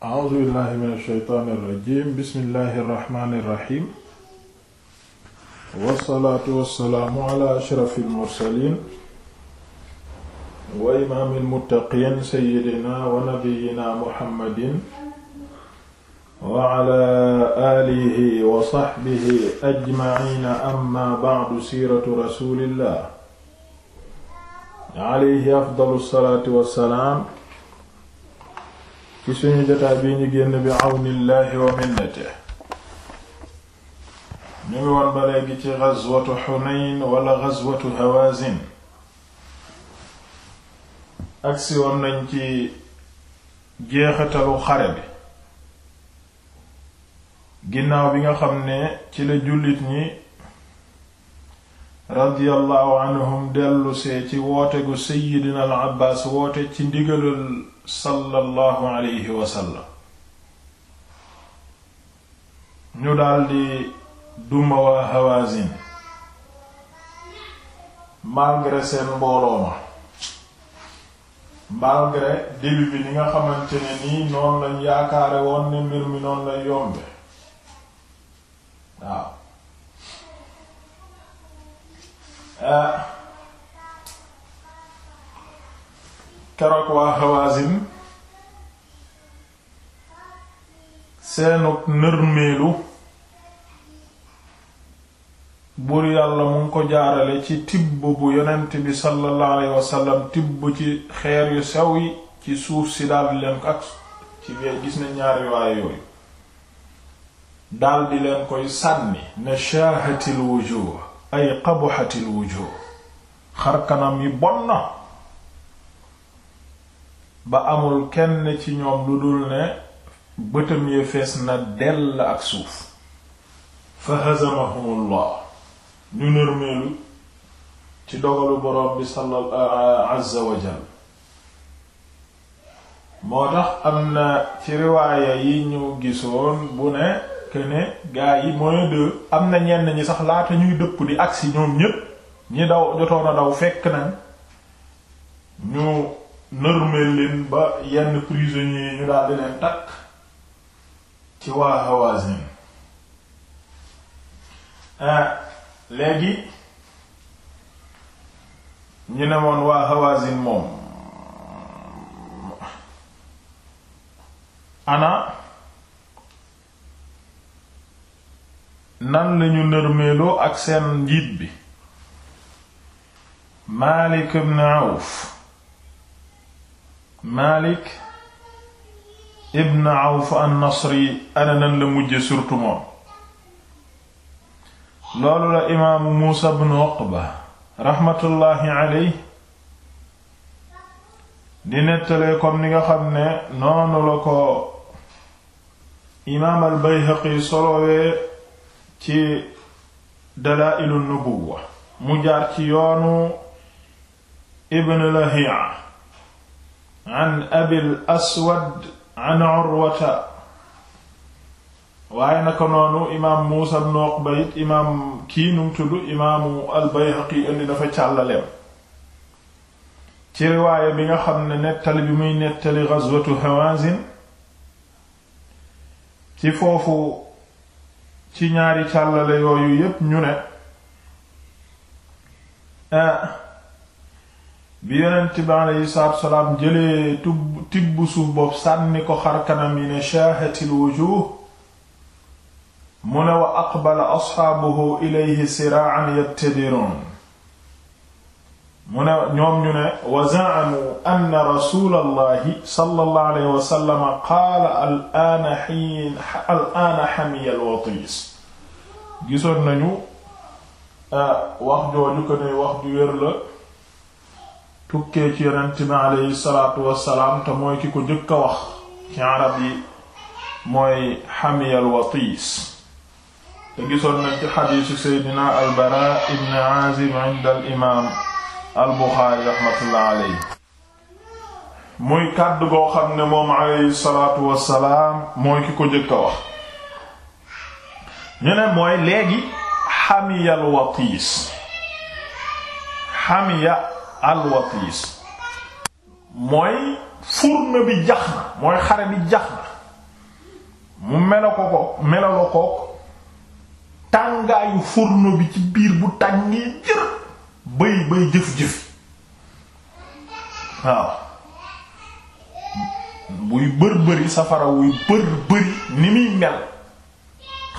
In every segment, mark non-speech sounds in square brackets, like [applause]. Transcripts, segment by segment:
a'uuzu billahi min ash-shaytaani irrajim bismillahi irrahmani irrahim wasalaatu wasalaamu ala ashrafi almursalin wa imaami almuttaqiin sayidina wa nabiyina muhammadin wa ala aalihi wa saxbihi ajmaciina amma bacdu siiratu rasulillah alayhi afdalu salaatu wassalaam ci suñu jotaay bii ñu génn bi àwnillaahi wa minnate ñu ngi woon ba léegi ci gazwatu xunayn wala gazwatu hawazin agsi woon nañ ci jeexatalu xare bi ginnaaw bi nga xam ne ci la jullit ñi radiyallahu anhum dellusee ci woote gu seyyidina al abbaas woote ci ndigalal sallallahu alayhi wa ñu daldi duma waa Hawazin malgré seen mbooloo ma malgré bi ni nga xamante ne noonu lañ yaakaare woon ni mbir mi noonu lay yombe waaw eh, keroog waa Hawazin seenug nërmeelu buur yàlla mu ko jaarale ci tibb bu yonent bi sallallahu alayhi wasallam tibb ci xeer yu sew yi ci suuf si daldi leen ko ak ci bee gis na ñaari waaye yooyu daldi leen koy sànni ne shaahatil wujuh ay qabuhatil wujuh xarkanam yi bon na ba amul kenn ci ñoom lu dul ne bëtam ya fees na dell ak suuf fa hazamahumullah ñu nërmeelu ci dogalu boroom bi sallallahu eh, azza wa jalla moo tax am na ci riwaaya yi ñu gisoon bu ne këne gaa yi mooy de am na ñenn ñi sax laata ñuy dëpp di agsi ñoom ñépp ñi daw jotoon daw fekk nañ ñu nërmeel ba yenn prisonniers ñu daal di leen takk ci waa Hawazin ah, léegi ñu ne woon waa Hawazin moom ana nan lañu nërmeeloo ak seen njiit bi Malik ibn Auf Malik ibn Awf an-Nasri ana nan la mujje surtout loolu la imaamu Muusa ibn Uqba raxmatullaahi aley di nettalee comme ni nga xam ne noonu la ko imaam al-Bayhaqi solowee ci Dalaa'ilu Nubuwwa mu jaar ci yoonu Ibn Lahiya an abil aswad an urwata waaye naka noonu imaam muusa ibn uqba imaam kii num tudd imaamu albayhaqi indi dafa càllaleem ci riwaaya bi nga xam ne nettali bi muy nettali ghazwatu hawazin ci foofu ci ñaari càllale yooyu yépp ñu ne eh, bi yonent bi aleyhi salaatu wasalaam jëlee tub tibb suuf boobu sànni ko xar kanam ne shaahatil wujuh mu wa aqbala asxaabuhu ilayhi siraan yattadiroon mu ne ñoom ñu ne wa za'amu anna rasulallahi sallallahu alayhi wa sallam qaala al-aana hiin al-aana hamiya al nañu ah, wax jooju wax tukkee ci yonent bi aleyhi salaatu wassalaam te mooy ki ko jëkk wax ci arab yi mooy xamiyal watiis te gisoon nañ ci xadiisu seydina albara ibn azib inda al imaam al buxaari raxmatullah aleyhi kàddu goo xam ne moom aleyhi mooy ki ko jëkk wax ñu ne mooy léegi xamiyal watiis xamiya alwatis mooy furna bi jax na mooy xare bi jax na mu melo ko ko melolo kook tàngaayu furno bi ci biir bu tàngee jër bay bay jëf-jëf waaw buy bër-bëri safara wuy bër-bëri ni muy mel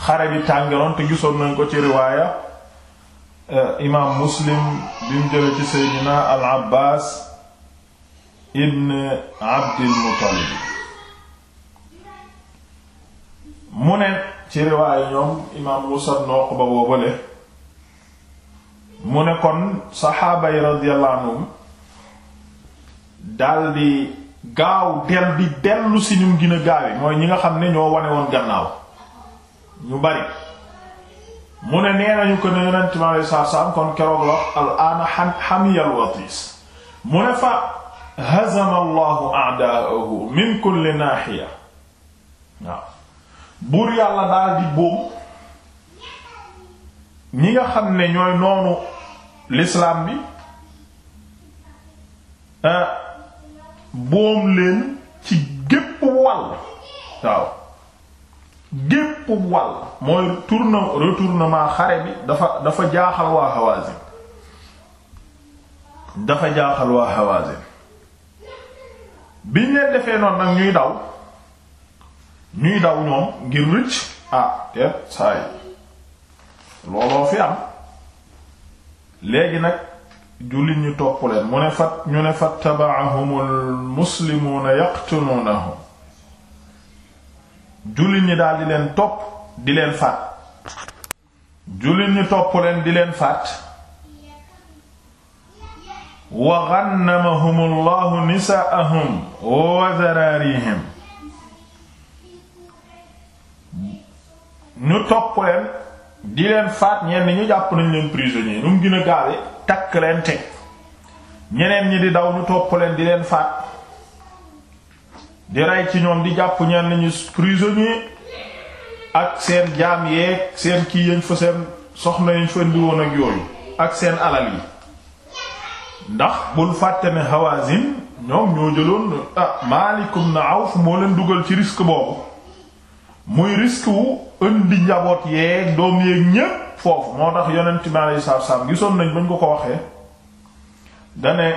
xare bi tàngeroon te gisoon nañ ko ci riwaaya Eh, imaam muslim bi mu jële ci seydina al abbaas ibn abdil muttalib mu ne ci riwaaye ñoom imaam muusa ibn uqba boobale mu ne kon saxaaba yi radiyallahu anhum daldi gaaw del bi dellu si ñu gën a gaawe mooy ñi nga xam ne ñoo wane woon gannaaw ñu bari mu ne nee nañu ko ne yonent mi alayhi kon keroog la wax hamiyal watiis mu ne fa hazama allahu a'daahu min kulli naahiya waaw buur yàlla daal di nga xam ne ñooy noonu lislaam bi eh, bóom leen ci gépp wàll gépp wàll mooy tourne retournement xare bi dafa dafa jaaxal waa Hawazin dafa jaaxal waa Hawazin biñ leen defee noonu nag ñuy daw ñuy daw ñoom ngir rëcc ah teet saa looloo fi am léegi nag jullit ñu topp leen mu ne fat ñu ne fat tabaahumul muslimuuna yaqtuluunahum jullit ñi daal di leen topp di leen faat jullit ñu topp leen di leen faat wa gannamahum allahu nisaahum wa zaraarihim ñu topp leen di leen faat ñenn ñu jàpp nañ leen prisonnier nu mu gën takk leen teg ñeneen ñi di daw ñu topp di leen faat di rey ci ñoom di jàpp ñenn ñu prisonnier ak seen jaam yeeg seen kii yañ fa seen soxna yañ fa indi ak yooyu ak seen alal yi ndax bul fàtte ne Hawazin ñoom ñoo jëloon ah Maalikum na Awf moo leen dugal ci risque boobu muy risque wu indi njaboot yeeg doom yéeg ñépp foofu moo tax yonent mi alayhi salaam gisoon nañ bañ ko ko waxee dane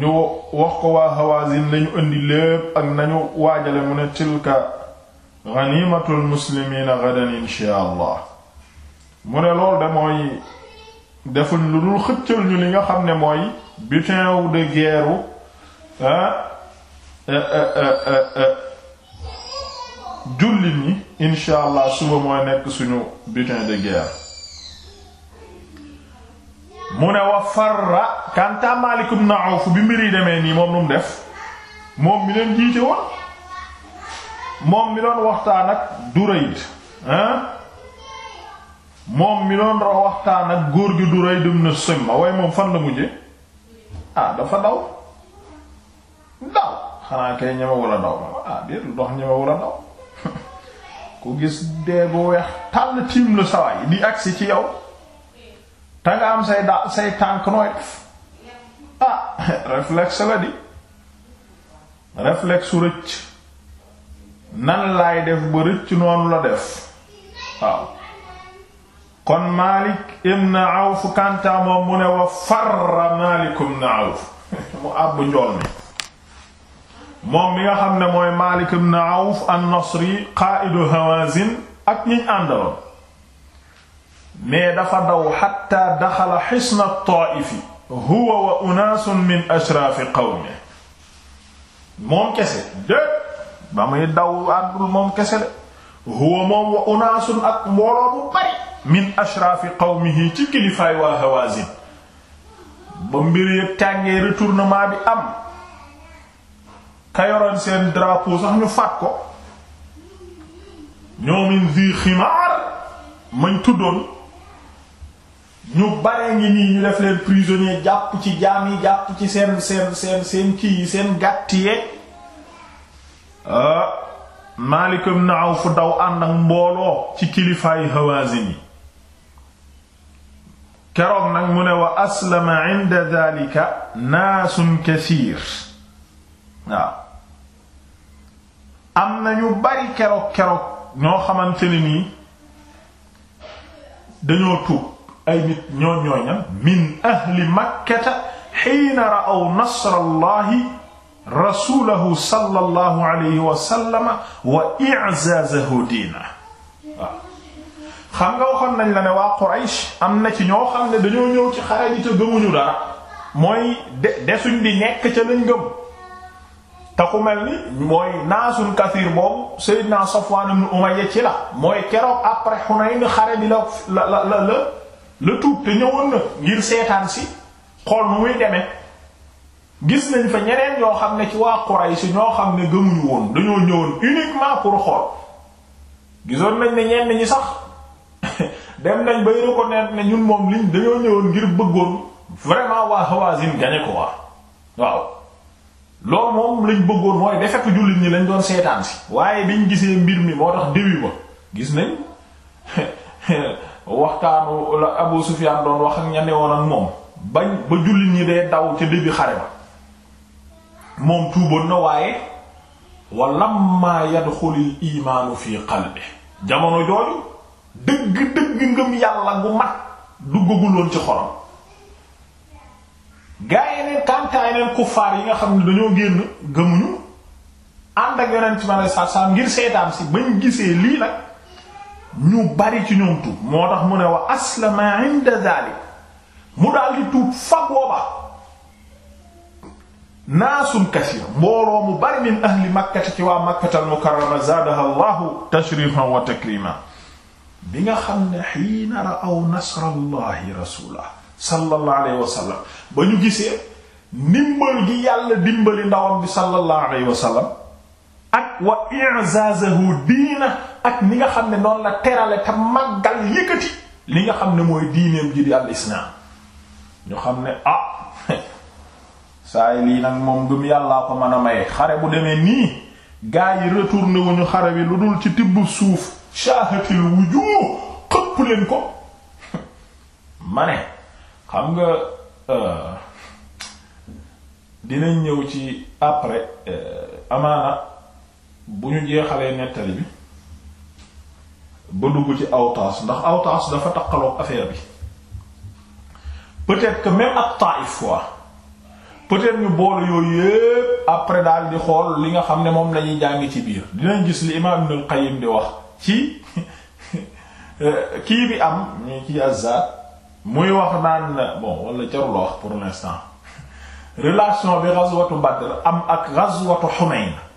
ñu wax ko waa lañu indi lépp ak nañu waajale mu ne tilka ganimatul muslimiina gadan insha allah mu ne loolu de mooy defuñ lu dul xëccal ñu li nga xam ne mooy butin wu de guerre ah, eh, eh, eh, jullit ñi insha allah suba mooy nekk suñu butin de guerre mu ne wa farra kanta Maalik ibn Awf bi mbir yi demee nii moom lu def moom mi leen jiite woon moom mi doon waxtaan ak Durayd hein moom mi doon waxtaan ak góor gi Durayd ibn Simma waaye moom fan la mujje ah dafa daw daw xanaa kay ñemewul a daw ma ah déet lu dox ñemewul a daw [laughs] ku gis dee bu weex tàll tiim lu sawaay di agsi ci yow te nga am say da say tànk nooy def ah [laughs] réflexe la di réflexe rëcc nan laay def ba rëcc noonu la def kon Malik ibn Awf kanta mu ne wa Malik ibn Awf [laughs] mu àbb njool mi moom mi nga xam ne mooy Malik ibn Awf an-Nasri qa'idu Hawazin ak ñiñ àndaloon mais dafa daw xatta daxala xisna taifi huwa wa unaasun min ashraafi qawmi moom kese dé ba muy daw àndul moom kese de huwa moom wa unaasun ak mbooloo min ashraafi qawmihi ci kilifaay waa Hawaazin ba mbir yëg retournement bi am kayoroon seen drapeau ñu faat ñoomin di ximaar mañ tuddoon ñu bare ngi nii ñu def leen prisonnier jàpp ci jaam yi jàpp ci seen seen seen seen kii yi seen gàtt yeeg ah Maalik ibn daw ànd ak mbooloo ci kilifaayu Hawaazin yi keroog nag mu ne wa aslama inda dhalika naasun am na ñoo xamante ne nii dañoo tuub ay nit ñoo ñooy ñan min ahli makkata xiina ra'aw nasrallahi rasulahu sallallahu alayhi wa sallama wa i'zazahu diina waaw xam nga waxoon nañ la ne waa na ci ñoo xam ne dañoo ñëw ci xare ji te mooy de desuñ di te ku mel ni mooy boobu Sayyidna Safwan ibn Umayya ci mooy keroog après Hunayn xare bi la la la la la tuub te ñëwoon na ngir seetaan si xool nu muy demee gis nañ fa ñeneen yoo xam ne ci waa Quraysh ñoo xam ne gëmuñu woon dañoo ñëwoon uniquement pour xool gisoon nañ ne ñenn ñi sax [laughs] dem nañ bay reconnaître ne ñun moom liñ dañoo ñëwoon ngir bëggoon vraiment waa Hawazin gañe ko waa waaw loolu moom lañ bëggoon mooy defetu jullit ñi lañ doon seetaan si waaye biñ gisee mbir mi moo tax déwi ba gis nañ [laughs] waxtaanu la Abu Sufyaan doon wax ak ña newoon ak moom bañ ba jullit ñi dee daw ca début xare ba moom tuuboon na waaye wa lamma yadxulil imaanu fi qalbi jamono jooju dëgg-dëgg ngëm yàlla gu mat duggaguloon ci xolam gaa yi neen kantaay neen kuffaar yi nga xam ne dañoo génn gëmuñu ànd ak yonent bi sallallahu alayhi wasallam ngir seetaan si bañ gisee lii nag ñu bari ci ñoom tuub moo tax mu ne wa aslama inda zalik mu daal di tuub fa booba naasun kasiir mbooloo mu bari min ahli makkati ci waa makkatal mukarrama zaadaha wa takrima bi nga xam ne xiina ra'aw nasrallahi rasulah sallallahu alayhi wa sallam ba ñu gisee ndimbal gi yàlla dimbali ndawam bi sallallahu alayhi wa ak wa i'zazahu diina ak ni nga xam ne noonu la terale te màggal yëkkati li nga xam ne mooy diineem ji di al islaam ñu xam ne ah [laughs] saa yi lii nag moom gëm yàllaa ko mën a maye xare bu demee nii gaa yi retourné wuñu xare bi lu dul ci tibb suuf shaahatil wujuh xëpp leen ko [laughs] ma ne xam nga euh, dinañ ñëw ci après euh, amaana bu ñu jeexalee nettali bi ba dugg ci Awtaas ndax Awtaas dafa taqaloog affaire bi peut-être que même ak Taïf fois peut-être ñu boole yooyu yépp après daal di xool li nga xam ne moom lañuy jàng ci biir dinañ gis li imaam Ibn al-Qayyim di wax ci [laughs] kii bi am ñu ci Azzaad muy wax naan bon wala jarul wax pour l'instant [laughs] relation bi ghazwatu Badr am ak ghazwatu Hunayn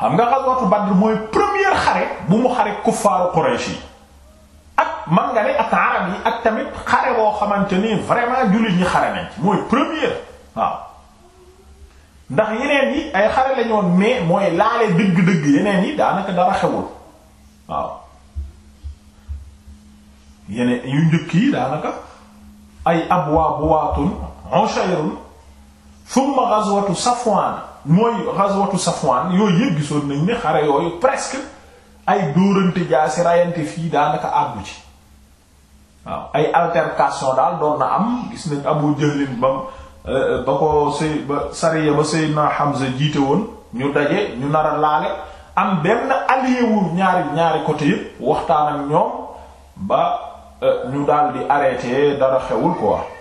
xam nga xaswatu Badr mooy première xare bu mu xare kuffaaru Quraysh yi ak man nga ne ak tamit xare boo xamante ni vraiment jullit ñi xare nañ mooy première waaw ndax yeneen yi ay xare lañu mais mooy laale dëgg-dëgg yeneen yi daanaka dara xewul waaw yeneen yu njëkk yi daanaka ay abwa buwaatun ushayrun thumma ghazwatu mooy ghazwatu Safwan yooyu yëpp gisoon nañ ne xare yooyu presque ay dóorante jaasi rayante fii daanaka àggu ci waaw ay altercation daal doon na am gis nañ Abu Jahlin ba euh, ba ko sëy ba sariya ba Seydina Hamza jiite woon ñu daje ñu nar laale am benn allié wu ñaari ñaari côté yëpp waxtaan ak ñoom ba euh, ñu daal di arrêté dara xewul quoi.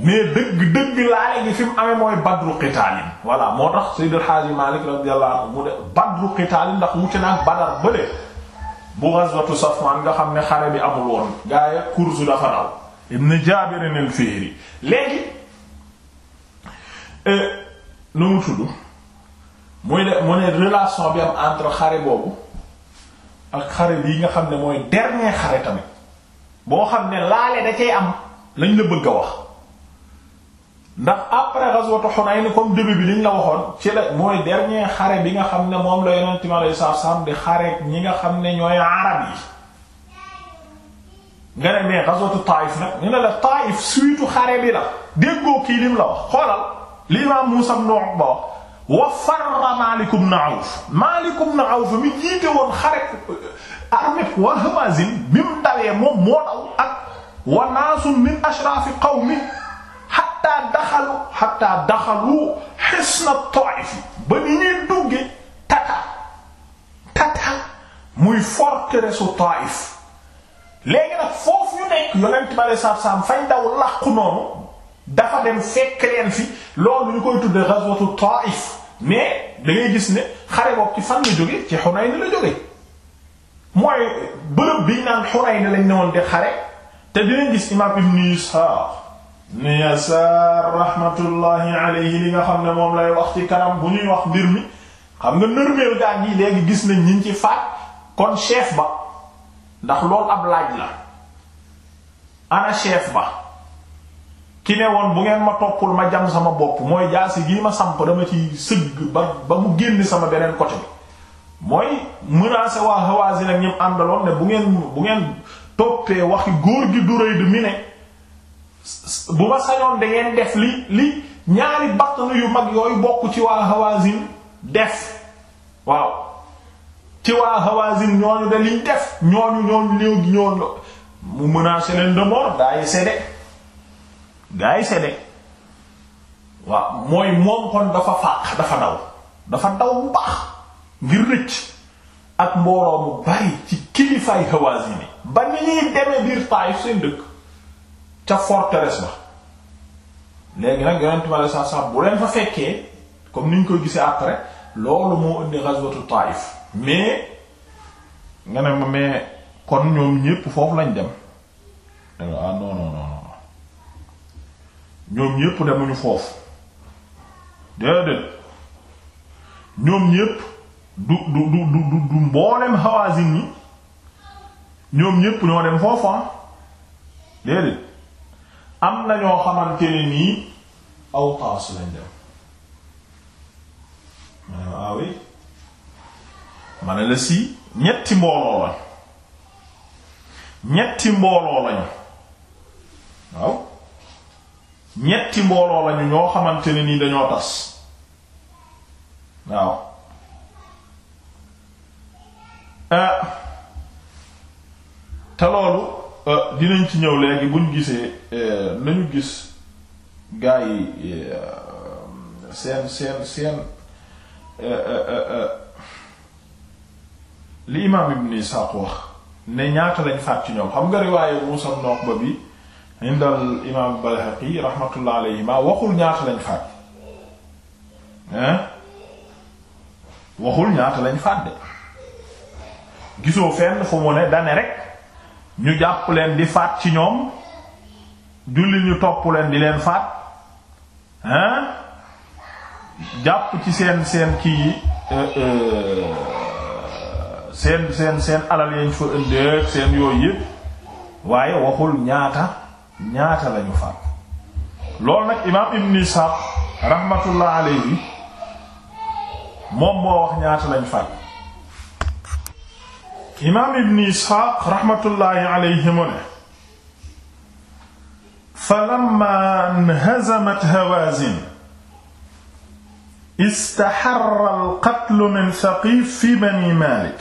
mais dëgg dëgg laale gi fi mu amee mooy badru qitaalin voilà moo tax Sayyid al Haaji Malik radiyallahu anhu mu de badru qitaalin ndax wuute naag badar bële bu ghazwatu Safwan nga xam ne xare bi amul woon gaa yi kursu dafa daw ibn léegi euh, nu mu tudd muy de mu ne relation bi am entre xare boobu ak xare bii nga xam ne mooy dernier xare tamit boo xam ne laale da cay am lañ la bëgg a wax ndax après ghazwatu Hunayn comme début bi liñ la waxoon ci la mooy dernier xare bi nga xam ne moom la Yonent mi alayhi salaatu salaam di xare ñi nga xam ne ñooy arab yi nga ne mais ghazwatu Taïf nag ñu ne la xare bi la déggoo kii lim la wax xoolal li Imaam Muusaa ibn Uqba wax wa farra ma ibn Awf Maalik ibn Awf mi jiite woon xare armée waa Hawaazin bi moom moo ak wa min ashraafi qawmi xataa daxalu xataa daxalu xisna Taif ba ni ñuy dugge tata tata muy forteresse u Taif léegi nag foofu ñu nekk yonent bi aleyhi salaatu salaam fay daw làqu noonu dafa dem fekk fi loolu ñu koy tudde ghazwatu Taif mais da ngay gis ne xare boobu ci fan la jóge ci Hunayn la jóge mooy bërëb bi ñu naan Hunayn lañ ne woon di xare te dinañ gis imaam Ibn Ishaq ni yasaar rahmatullahi alayhi li nga xam ne moom lay wax ci kanam bu ñuy wax mbir mi xam nga nërmeel gaa ngi léegi gis nañ ñi ci faat kon chef ba ndax loolu ab laaj la ana chef ba ki ne woon bu ngeen ma toppul ma jam sama bopp mooy jaasi gii ma samp dama ci sëgg ba ba mu génn sama beneen côté bi mooy menacé waa Hawazin ak ñim àndaloon ne bu ngeen bu ngeen toppee waxi góor gi du rëy mi ne bu ma sañoon da def li li ñaari batn yu mag yooyu bokk ci waa Hawazin def waaw ci waa Hawazin ñooñu da liñ def ñooñu ñooñu léegi ñooñu mu menacé leen de mort gaa yi sédde gaa yi waaw mooy moom kon dafa fàq dafa daw dafa daw bu baax ngir rëcc ak mbooloo mu bari ci kilifaay Hawazin ba ni ñuy demee biir Taayif seen dëkk ca forteresse ba léegi nag yonent ma sax sax bu leen fa fekkee comme niñ koy gisee après loolu moo indi ghazwatu Taif mais nga ma mais kon ñoom ñépp foofu lañ dem danga ah non non ñoom ñépp foofu ñoom ñépp du du du du du mboolem Hawazin yi ñoom ñépp ñoo dem foofu ah déedéet am na ñoo xamante ne nii Awtaas lañ dem waaw ma ne la si ñetti mbooloo lañ ñetti mbooloo lañu waaw ñetti mbooloo lañu ñoo xamante ne nii dañoo tas waaw eh. te loolu Euh, dinañ ci ñëw léegi buñ gisee euh, nañu gis gaa yi euh, seen seen seen li imaam ibn Isaaq wax ne ñaata lañ faat ci ñoom xam nga riwaaye Muusaa ibn Uqba bi indal imaam Balhaqi rahmatullah alayhima waxul ñaata lañ faat hein waxul ñaata lañ faat gisoo fenn fu mu ne dane rek ñu jàpp leen di faat ci ñoom julli ñu topp leen di leen faat hein jàpp ci seen seen kii euh, euh, seen seen seen alal yañ fa ëndee seen yooyu yëpp waaye waxul ñaata ñaata lañu faat loolu nag imaam Ibn Ishaq rahmatullah alayhi moom moo wax ñaata lañ faat imaam ibn isxaaq raxmatullaahi alayhi mu ne falamma inhazamat hawaazin istaxarra alqatlu min saqiif fi bani maalik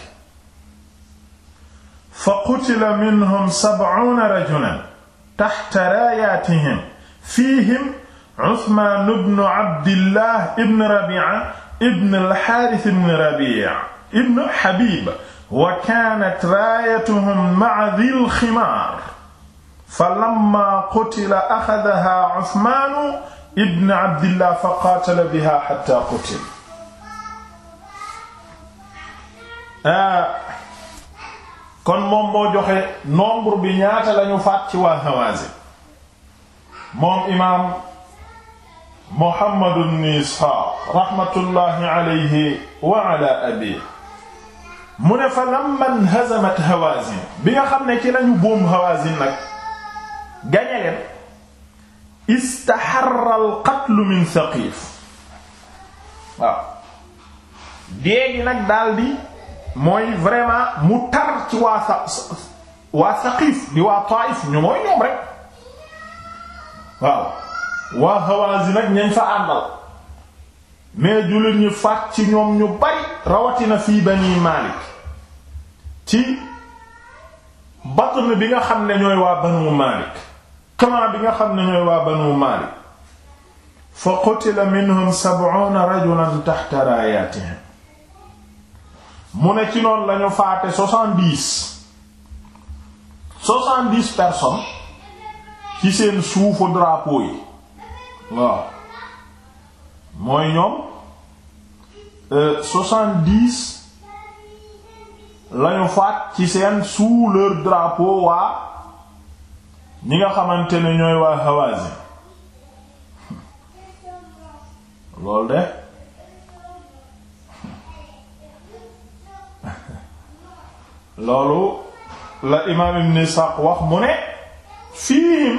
faqutila minhum sabcuuna rajulan taxta raayaatihim fiihim Usmaan ibn Abdillaah ibn Rabiica ibn alxaaris ibn Rabiica ibn Xabiib wa kaanat raayatuhum ma'a dhil ximaar falammaa qutila axadahaa Usmaanu ibn Abdillah faqaatala bihaa hattaa qutila. Ah, kon moom moo joxe nombre bi ñaata lañu faat ci waa Hawaazin moom imaam Muhammad ibn Isxaaq raxmatullaahi alayhi wa alaa abiihi mu ne fa lamman hazamat hawazin bi nga xam ne ci lañu boom hawazin nag gañe leen istaxarra al qatlu min saqiif waaw déegi nag daldi mooy vraiment mu tar ci waa sa waa saqiif di waa taif ñu mooy ñoom rek waaw waa hawazin nag ñañ fa àndal mais jullit ñi faat ci ñoom ñu bari rawatina fii bani Maalik ci batn bi nga xam ne ñooy waa banu Maalik clan bi nga xam ne ñooy waa banu Maalik fa la minhum sab'una rajulan tahta raayatihim mu ne ci noonu lañu faate soixante-dix soixante-dix personnes ci seen suufu drapeau yi waaw mooy ñoom euh, soixante-dix lañu faat ci seen sous leur drapeau waa ñi nga xamante ne ñooy waa Hawazin loolu [laughs] de [laughs] loolu la imaam Ibn Sa'd wax mu ne fii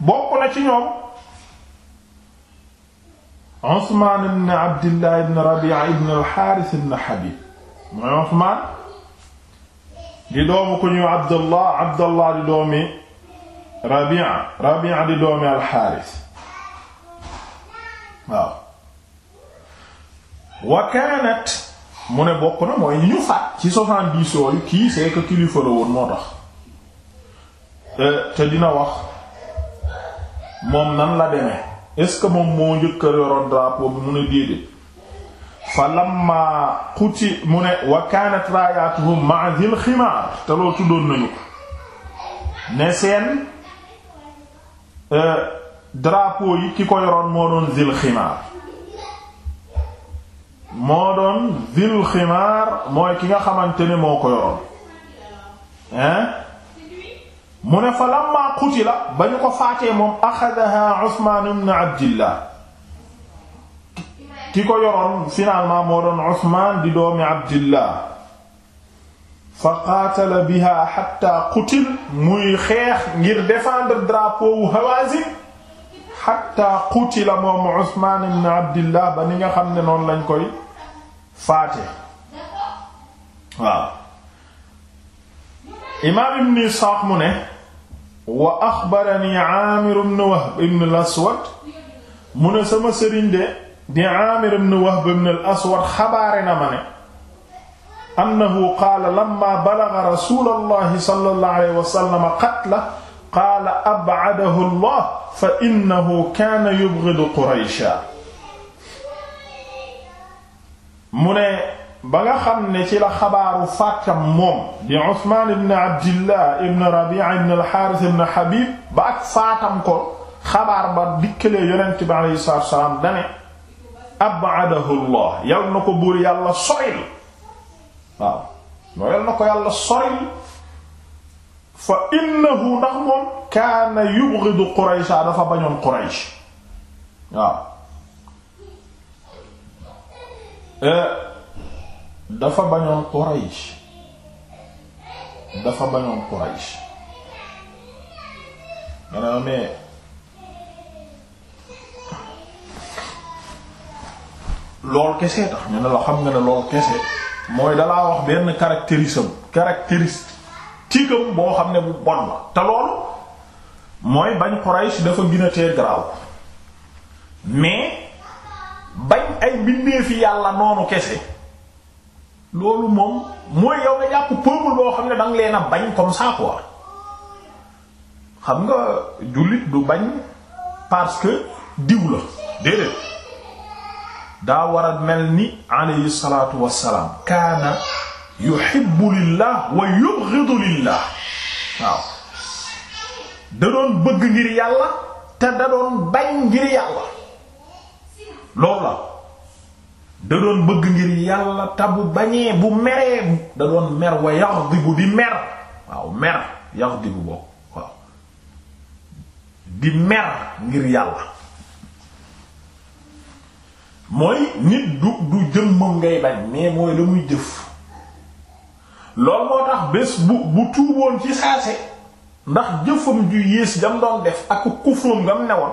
bokk na ci ñoom Usmaan ibn Abdillah ibn di doomu ku ñu Abdallah Abdallah di doomi Rabi'a Rabi'a di doomi al-Haaris waaw wa kaanat mu ne bokk na mooy ñu faat ci soixante-dix yooyu kii kilifa la woon euh, te dina wax moom nan la demee est-ce que moom moo njëkk yoroon drapeau bi mu ne déedéet fa lamma xuti mu ne wa kanat raayaatuhum ma'a dhil ximaar te loo tuddoon nañu ko ne seen euh, drapeau yi ki ko yoroon moo doon dhil ximaar moo doon dhil ximaar mooy ki nga xamante ni moo ko yoroon hein mu ne fa lamma qutila ba ñu ko faatee moom axadaha Usmaan ibn Abdillah ki ko yoroon finalement moo doon Usmaan di doomi Abdillah fa qaatala biha xatta qutil muy xeex ngir défendre drapeau wu Hawazin xatta qutila moom Usmaan ibn Abdillah ba ni nga xam ne noonu lañ koy faate waaw imaam ibn Isxaaq mu ne wa axbarani Aamir ibn Wahb ibn al-Aswad mu ne sama sëriñ de di Aamir ibn Wahb ibn al-Aswad xabaare na ma ne annahu qaala lamma balaga rasuulullahi sallallahu alayhi wa sallam qatla qaala ab'adahu Allah fa innahu kaana yubghidu Quraysha mu ne ba nga xam ne ci la xabaaru fàttam moom di Usmaan ibn Abdillah ibn Rabi'a ibn al-Harith ibn Habib ba ak faatam ko xabaar ba dikkalee yonent bi alayhi salaatu wa salaam dane ab'adahu Allah yal na ko buur yàlla soril waaw moo yal na ko yàlla soril fa innahu ndax moom kaana yubghidu Quraysh dafa bañoon Quraysh waaw eh, dafa bañoon Quraysh dafa bañoon Quraysh maanaam mais lool kese tax ñu ne la xam nga ne lool kese mooy dalaa wax benn caractéristique caractéristique boo xam ne bu bon la te loolu mooy bañ Quraysh dafa gën a mais bañ ay bindee fi yàlla noonu kese loolu moom mooy yow nga jàpp peuple boo xam ne danga nga leen bañ comme ça quoi xam nga jullit du bañ parce que diw la déedéet daa war a mel ni alayhi salatu wassalaam kaana yuhibbu lillah wa yubghidu waaw da doon bëgg ngir yàlla te da doon bañ ngir yàlla loolu la da doon bëgg ngir yàlla ta bu bañee bu meree da doon mer wa yaxdibu di mer waaw mer yaxdibu bokk waaw di mer ngir yàlla mooy nit du du jëmmam ngay bañ mais mooy la jëf loolu moo tax bés bu bu tuuboon ci saase ndax jëfam ju yées jam doon def ak kufroom gam newoon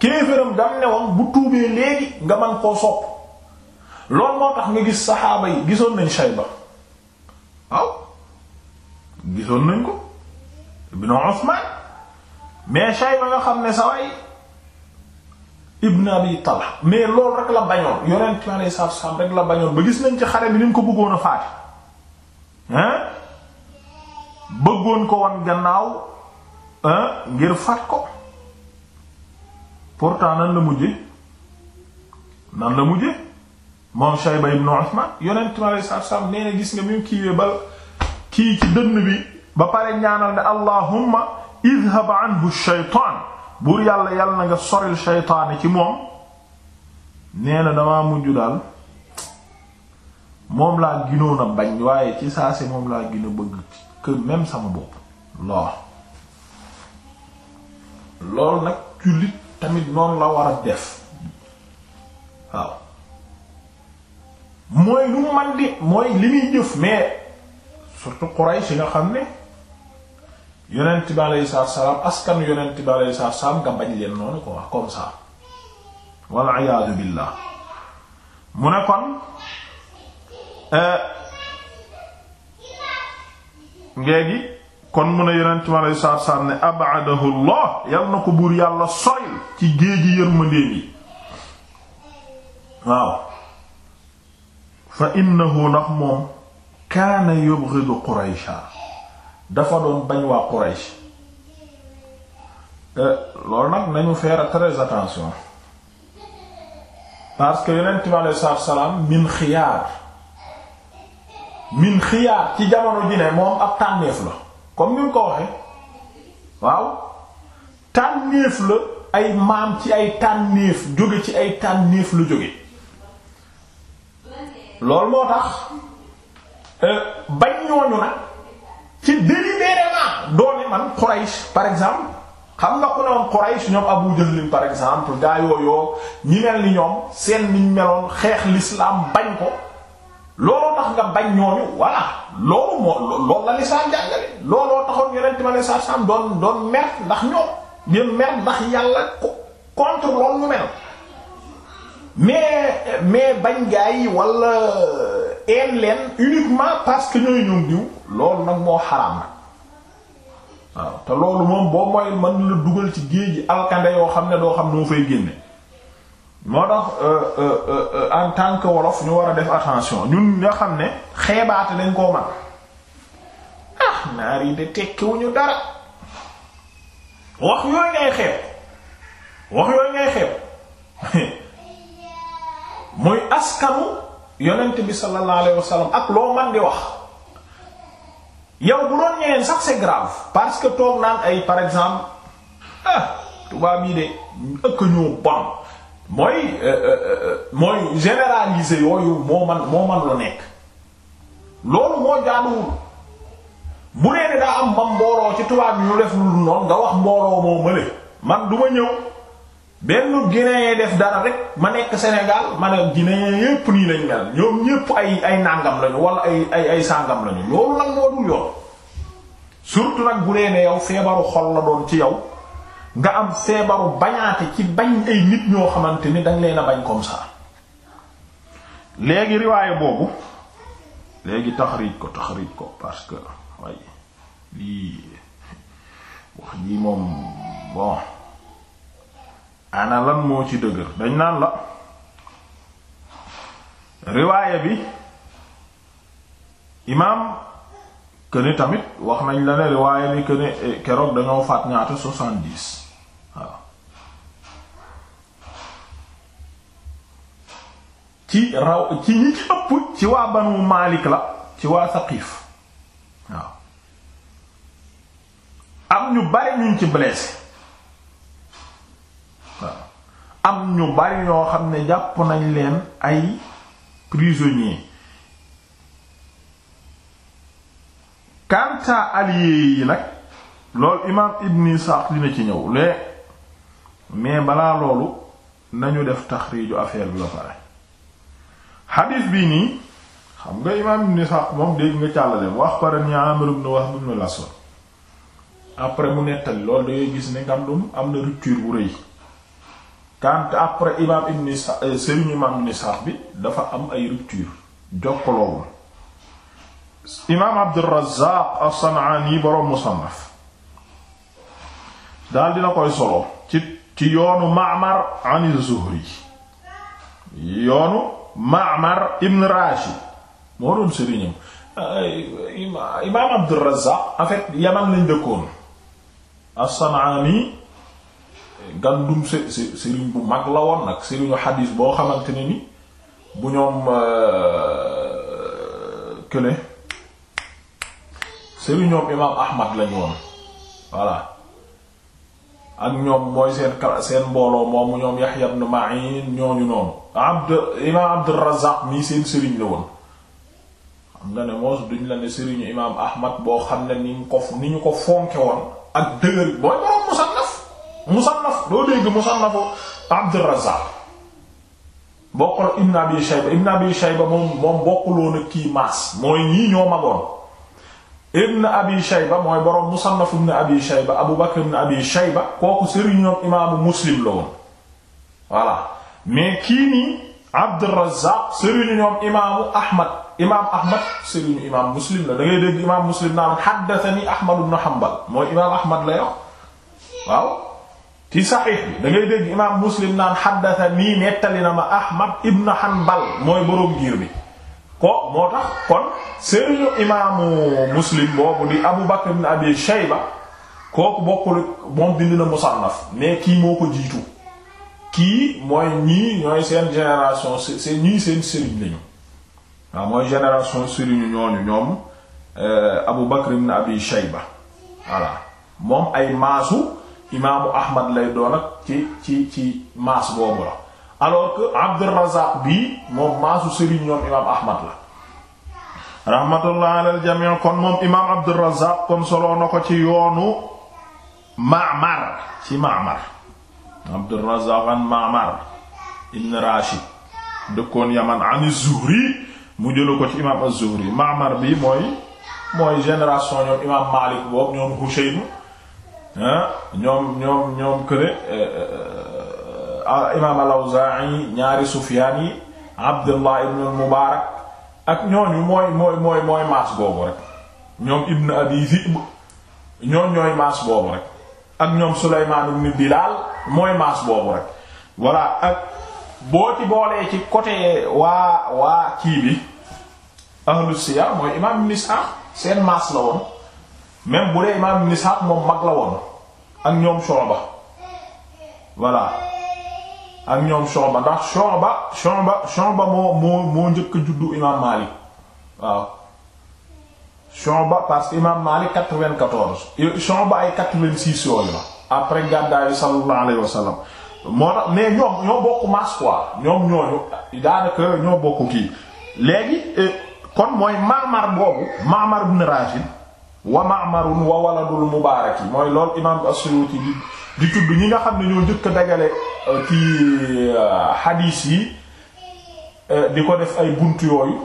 kéeféram gam newoon bu tuubee léegi nga man koo sopp loolu moo tax nga gis saxaaba yi gisoon nañ Shayba waaw gisoon nañ ko ibnu Usman mais Shayba nga xam ne sa way ibn Abi Talha mais loolu rek la bañoon yonent mi sax salaatu rek la bañoon ba gis nañ ci xale bi ni ko bëggoon a faati bëggoon ko won gannaaw ngir faat ko pourtant nan la mujje nan la mujje moom Shayba ibn Uthman yonent mi alayhi salaatu salaam nee gis nga mu kiiwee ba kii ci dënn bi ba pare ñaanal ne allahumma idhab anhu shaytaan buur yàlla yàlla na nga soril shaytaane ci moom nee na damaa mujj daal moom laa ginoon a bañ waaye ci saa si moom laa gën bëgg que même sama bopp lool loolu nag jullit tamit noonu la war a def waaw mooy lu man di mooy li muy jëf mais surtout Quraysh nga xam ne yonent bi aleyhi salaatu salaam askan yonent bi aleyhi salaatu salaam nga bañ leen noonu ko wax comme ça wal iyaadu billaah mu ne kon ngeegi euh, kon mu ne yonent bi aleyhi salaatu salaam ne abadahu allah yal na ko buur yàlla soril ci géeji yërmandeem yi waaw fa innahu ndax moom kaana yubghidu quraysha dafa doon bañ waa quraysh loolu nag nañu faire très attention parce que yonent bi alei salaatu salaam min xiyaar min xiyaar ci jamono ji ne moom ab tànneef la comme ni ko waxee waaw tànneef la ay maam ci ay tànneef jóge ci ay tànneef lu jóge loolu moo tax euh, bañ ñooñu nag ci délibérément doone man Quraysh par exemple xam nga ku ne woon Quraysh ñoom Abu Jahl par exemple gaa yooyu ñi mel ni ñoom seen niñ meloon xeex l'islam bañ ko looloo tax nga bañ ñooñu voilà loolu moo loolu la lislaam jàngale looloo taxoon yonent ma lislaam doon doon mer ndax ñoom ngeen mer ndax yàlla contre loolu mu mel. mais mais bañ gaa yi wala een leen uniquement parce que ñooy ñoom diw loolu nag moo xaraam nag waaw te loolu moom boo mooy mën la dugal ci géej alkande yoo xam ne doo xam noo fay génne moo euh, euh, euh, en tant que wolof ñu war a def attention nga xam ne xeebaate dañ koo man ah naar yi de tekkiwuñu dara wax yooyu ngay xeeb wax yooyu ngay xeeb [laughs] mooy askanu yonent bi sallallahu alayhi ak loo man di wax yow bu doon ñeneen sax c'est grave parce que toog naan ay par exemple ah tubaab yi de ëkk ñoo bon mooy euh, euh, euh, mooy généraliser yooyu moo man moo man la nekk loolu moo jaaduwul bu nee ne daa am ba mbooloo ci tubaab yi ñu def lu noonu nga wax mbooloo moo mëne man du ñëw benn Guinéen def dara rek ma nekk Sénégal ma ne Guinéen yépp nii lañ mel ñoom ñépp ay ay nàngam lañu wala ay ay ay sàngam lañu loolu nag moo dul yoon surtout nag bu dee ne yow feebaru xol la doon ci yow nga am feebaru bañaate ci bañ ay nit ñoo xamante ni danga leen a bañ comme ça léegi riwaaye boobu léegi taxrij ko taxrij ko parce que waaye lii wax jii moom bon ana lan moo ci dëgër dañ naan la riwaaya bi imaam këne tamit wax nañ la ne riwaaya bi këne eh, keroog dañoo faat ñaata soixante-dix waaw ci raw ci ñi ci ëpp ci waa mu Maalik la ci waa Saqiif waaw am ñu bari ñu ci blessé am ñu bari ñoo xam ne jàpp nañ leen ay prisonniers quant à alliés yi nag loolu imaam Ibn Isaaq dina ci ñëw lee mais balaa loolu nañu def taxriiju affaire bi ba pare xadiis bii nii xam nga imaam Ibn Isaaq moom dégg nga càll dem wax pare ni Amr ibn Wahb ibn al-Aswad après mu nettali loolu dangay gis ne ngandum am na rupture bu rëy quand après imam ibn Isa euh, sëriñ imam ibn bi dafa am ay rupture jokkaloowul imam Abdurrazzaq as-San'ani boroom Musannaf daal dina koy solo ci yoonu Ma'mar an az-Zuhri yoonu Ma'mar ibn Rashid moo doon sëriñam imam Abdurrazzaq en fait Yaman lañ dëkkoon as-San'ani ngandum se se sëriñ bu mag la woon nag sëriñu xadiis boo xamante ne ni bu ñoom euh, kële sëriñ ñoom imaam Ahmad lañu woon voilà ak ñoom mooy seen seen mbooloo moomu ñoom Yahya ibn Ma'in ñooñu noonu Abd imaam Abdur Razzaq nii seen sëriñ la woon xam nga ne moos duñ la ne sëriñu imaam Ahmad boo xam ne ni ñu ko ni fonke woon ak dëgër booy borom Musannad musannaf doo dégg musannafu Abdurrazzaq bokkul Ibn Abi Shayba Ibn Abi Shayba moom moom bokkuloon ak kii maas mooy ñii ñoo magoon Ibn Abi Shayba mooy borom musannaf Ibn Abi Shayba Abu Bakr Ibn Abi Shayba kooku sëriñ ñoom imaamu Muslim la woon voilà mais kii nii Abdurrazzaq sëriñu ñoom imaamu Ahmad imaam Ahmad sëriñu imaam Muslim la da ngay dégg imaam Muslim naan haddathani Ahmad ibn Hanbal mooy imaam Ahmad la yox waaw ci saxiix bi da ngay dégg imaam muslim naan xaddasa nii nettali na ma ahmad ibn hanbal mooy boroom giir bi ko moo tax kon sëriñu imaamu muslim boobu di abu bakr ibn abi shayba kooku bokkul moom bind musannaf mais kii moo ko jiitu kii mooy ñii seen génération seen ñii seen sëriñ lañu waaw mooy génération sëriñu ñooñu ñoom euh, abu bakr ibn abi shayba voilà moom ay maasu imaamu ahmad lay doon ak ci ci ci maas boobu la alors que abdurrazzaq bii moom maasu sëriñ ñoom imaam ahmad la rahmatullah ala aljamii kon moom imaam abdurrazzaq kon soloo na ko ci yoonu ma'mar ci ma'mar abdurrazzaq an ma'mar ibn rashid dëkkoon yaman an zuhri mu jëlu ko ci imaam az ma'mar bi mooy mooy génération ñoom imaam maalik boobu ñoom husayn ñoom ñoom ñoom këne euh, euh, euh, ah, imaam al-Awzaa'i ñaari Sufyaan yi Abdullah ibn al-Mubaarak ak ñooñu mooy mooy mooy mooy maas boobu rek ñoom ibn Abi Dhi'b ñoom ñooy maas boobu rek ak ñoom Sulaymaan ibn Bilaal mooy maas boobu rek voilà ak boo ci boolee ci côté waa waa kii bi ahlu siyar mooy imaam Ibn seen maas la woon même bu dee imaam Ibn Ishaq moom mag la woon ak ñoom Shu'ba voilà ak ñoom Shu'ba ndax Shu'ba Shu'ba Shu'ba moo moo moo njëkk a juddu imaam Maalik waaw Shu'ba parce que imaam Maalik quatre-vingt-quatorze Shu'ba ay quatre-vingt-six yooyu la après gàddaayu sallallahu alayhi wa sallam moo tax mais ñoom ñoo bokk masse quoi ñoom ñooñu daanaka ñoo bokk kii léegi euh, kon mooy Ma'mar boobu Ma'mar ibn Rashid wa ma'marun wa waladul mubarak yi mooy lool imaam as-Suyuti di di tudd ñi nga xam ne ñoo njëkk a dagale kii euh, hadith euh, yi euh, di ko def ay bunt yooyu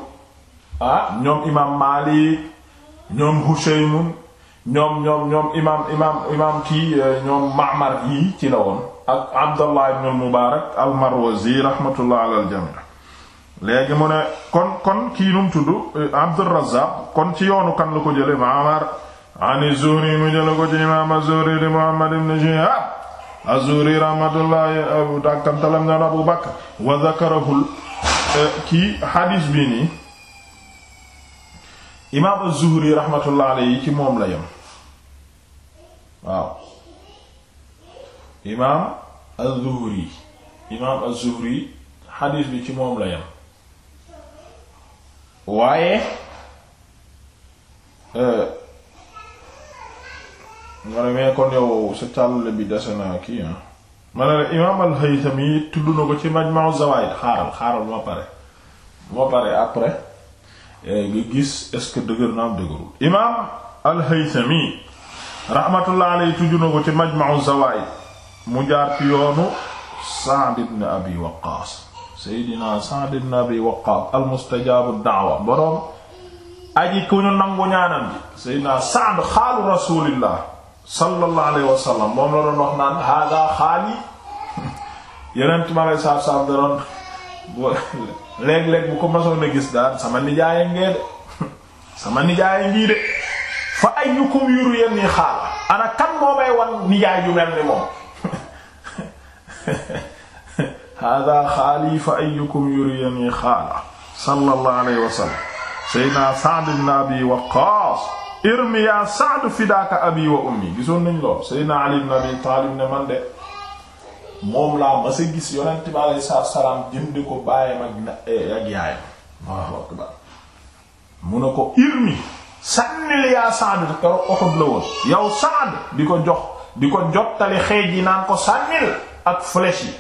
ah ñoom imaam Maalik ñoom Hushaym ñoom ñoom ñoom imaam imaam imaam ñoom Ma'mar yi ci la woon ak Abdallah ibn al-Mubarak al-Marwazi rahmatullah ala al léegi mu ne kon kon kii num tudd euh, kon ci yoonu kan la ko jële Ma'mar an Zuhri mu jële ko ci imaam az-Zuhri di Muhammad ibn Shihab az-Zuhri abu Bakr wa zakarahul euh, kii hadis bi ni imaam az-Zuhri rahmatullahi alayhi ci moom la yem waaw imaam az-Zuhri imaam ci moom la yem waaye nga euh, ne kon yow sa càll bi dese naa kii ah ma imaam al-Haythami na ko ci Majma'u Zawaid xaaral xaaral ma pare ma pare après euh, nga gis est-ce que dëgër na am dëgërul imaam al-Haythami rahmatullah alayhi na ko ci Majma'u Zawaid mu jaar ci yoonu Sa'd Abi Waqqas seydina Sa'd ibn Abi Waqqaas almustajaabu da'wa boroom aji ku nangu ñaanam bi seydina Sa'd xaalu rasuulillah sallallahu alayhi wa sallam moom la doon wax naan haadaa xaali yeneen ci ma lay saab bu ko masoon a sama nijaay ngee de [laughs] sama nijaay ngii de fa ayyukum yuru yenn yi ana kan moo wan nijaay yu mel ni moom [laughs] hada xaali fa ayukum yuriyani xaala sallallahu Sa'd ibn Abi Waqqas irmi yaa Sa'd fidaaka abi wa ummi gisoon nañ lool seydna Ali ibn Abi Taalib ne man de moom laa ma sa gis yonent bi alayhi salaam jënd ko bàyyam eh, ak yaayam Allahu ko irmi sànnil yaa Sa'd te keroog Uhud la yow Sa'd di ko jox di ko jottali yi naan ko sànnil ak flèche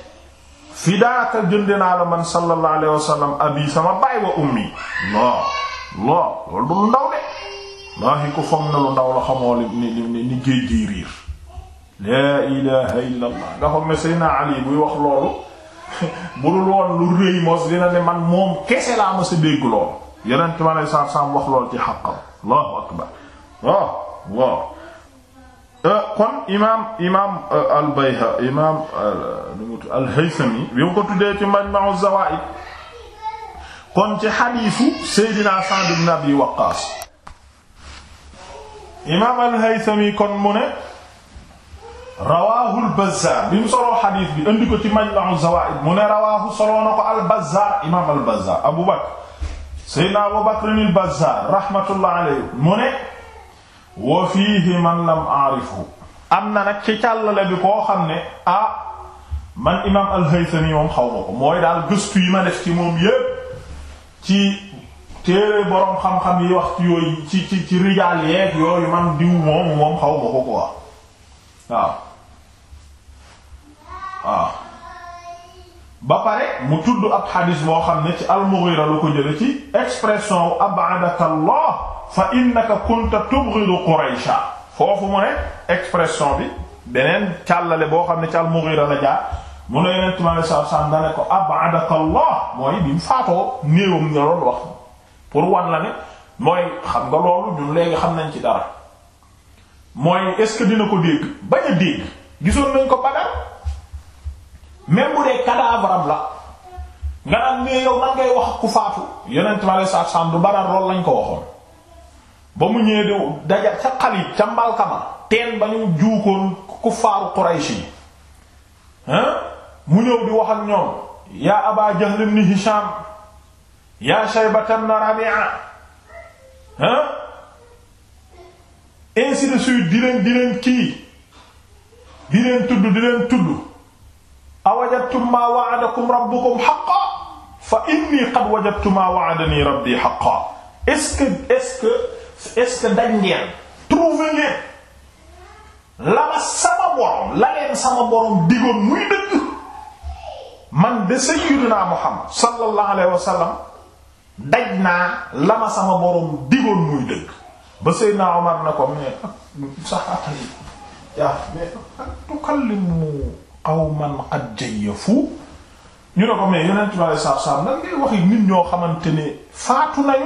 fidaaka jënde naa la man sallallahu alayhi wa sallam abi sama baay wa ummi loo laahi ku foog na lu la xamoo ni ni ni géej gi riir laa ilaha illa allah Ali buy wax loolu [laughs] bu dul woon lu rëy mos dina ne man moom kese laa ma sa dégg loolu yeneen saar saam wax loolu ci xaqam allahu akbar oh, waaw waaw Euh, kon imaam imaam euh, al-Bayha imaam euh, al-Haythami bi nga ko tuddee ci Majma'u Zawaa'id kon ci xadiisu Seydina Sa'd ibn Abi Waqqaas imaam al-Haythami kon mu ne rawaahu al-Bazzaar bi mu soloo xadiis bi indi ko ci Majma'u Zawaa'id mu ne rawaahu soloo na ko al-Bazzaar imaam al-Bazzaar Abu Bakr Seydina Abu Bakr al-Bazzaar rahmatullahi alayhi mu ne wa fiihi man lam aarifu am na nag ci càllale bi koo xam ne a man imaam al moom xaw ma ko mooy daal gëstu yi ma def ci moom yépp ci téere boroom xam-xam yi wax ci yooyu ci ci ci rijaal yeeg yooyu man diw moom moom xaw ma ko quoi waaw waaw ba pare mu tudd ab xadis boo xam ne ci al lu ko jële ci expression ab'adaka Allah fa innaka kunta tubghidu quraysha foofu mu ne expression bi beneen càllale boo xam ne ci al-Mughira la jaar mu ne yonent mi alayhi salaatu salaam dane ko ab'adaka mooy bi mu faatoo néewam nga doon wax pour wan la ne mooy xam nga loolu ñun léegi xam nañ ci dara mooy est-ce que dina ko dégg bañ a dégg gisoon nañ ko Badar même bu dee cadavre la nga naan mais yow wax ku faatu yonent mi alayhi salaatu salaam du Badar loolu lañ ko waxoon. ba mu ñëwee di daja ca Xalid ca mbalkama teen ba ñu juukoon ku faaru Quraysh yi mu ñëw di wax ak ñoom yaa Aba Jahl ibn Hisham yaa Shaybata ibn Rabi'a hein ainsi de suite di leen di leen kii di leen tudd di leen tudd awajadtum ma wa'adakum rabbukum haqqan fa inni qad wajadtu ma wa'adani rabbi haqqan est-ce que est-ce que est-ce que dañ ngeen trouver ngeen la ma sama borom la leen sama borom digoon muy dëgg man de sayyidina Muhammad sallallahu alayhi wa sallam daj naa la ma sama borom digoon muy dëgg ba sayyidina Umar na ko mais ah, ak saxaaba yi yaa mais ak tukallimu qawman ñu ne ko mais yonent bi sallallahu alayhi wa sallam nan ngay waxi ñoo xamante ne faatu nañu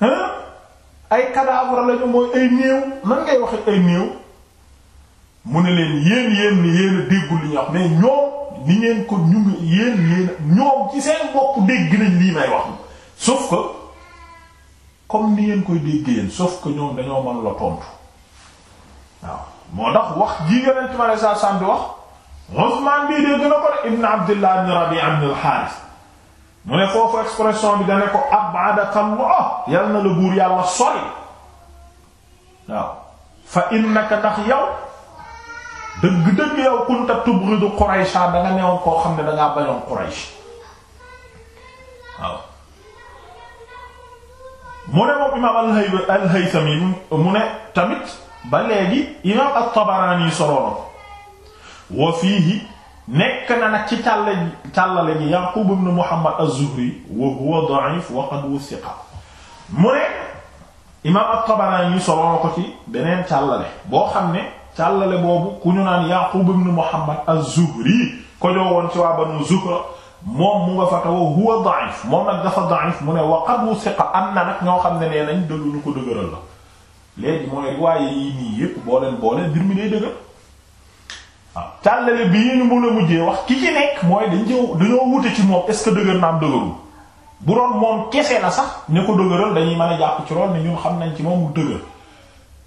hein ay cadavre lañu mooy ay néew nan ngay waxe ay néew mu ne leen yéen yéen ni yéen a déggul wax mais ñoom ni ngeen ko ñu ngi yéen yéen ñoom ci seen bopp dégg nañ lii may wax sauf que comme ni ngeen koy dégg yéen sauf que ñoom dañoo mën tontu waaw moo tax wax ji yonent mi sallallahu alayhi wa sallam bi wax Usmaan bii dégg na ko de ibn Abdullah ibn Rabi' ibn al-Harith mu ne foofu expression bi dane ko abadaka Allah yal na la buur yàlla sori waaw fa innaka ndax yow dëgg-dëgg yow kunta tubridu Quraysha da nga newoon koo xam ne da ngaa bañoon Quraysh waaw mu ne moom imaam al-Haythami mu ne tamit ba léegi imaam at-Tabarani soloona wa fiihi nekk na nag ci càll càllale gi Yaqub ibn Muhammad az-Zuhri wa huwa da'if wa qad wusiqa mu ne imaam at-Tabarani soloo ko ci beneen càllale boo xam ne càllale boobu ku ñu naan Yaqub ibn Muhammad az-Zuhri ko joowoon ci waa Banu Zuhra mu nga fa huwa da'if moom nag dafa da'if mu ne wa qad wusiqa am na nag ñoo xam ne nee nañ dëgg ñu ko dëgëral la léegi mooy riwaaye yi nii yépp boo leen boo mi day dëgër waaw càllale bii ñu mën a jee wax ki ci nekk mooy dañ dañoo wute ci moom est-ce que dëgër naam dëgërul bu doon moom kese la sax ñu ko dëgëral dañuy mën jàpp ci lool ne ñun xam nañ ci moom mu dëgër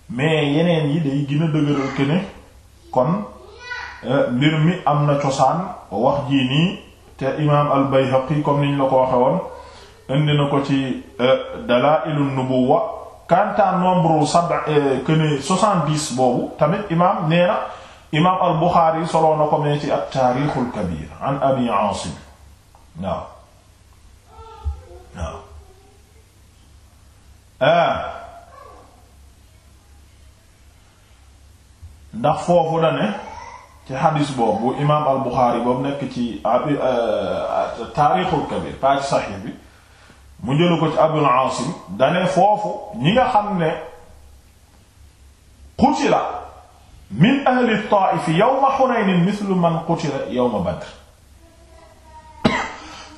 mais yeneen yi day gën a dëgëral que ne kon euh, mbir mi am na cosaan wax jii nii te imaam al-Bayhaqi comme niñ la ko waxe woon indi na ko ci euh, Dalaa'il an-Nubuwwa kanta nombre sab euh, que ne soixante-dix boobu tamit imaam nee na imaam al-Bukhari soloo ko mais ci at-Taarixul Kabiir an Abi Aasim waaw ah ndax foofu la ne ci xadis boobu imaam al Buxaari boobu nekk ci euh, taarixul kabir page saxiix bi mu jëlu ko ci Abul Aasim dane foofu ñi nga xam ne qutila min ahli Taa'if yawma Hunayn mislu man qutila yawma Badr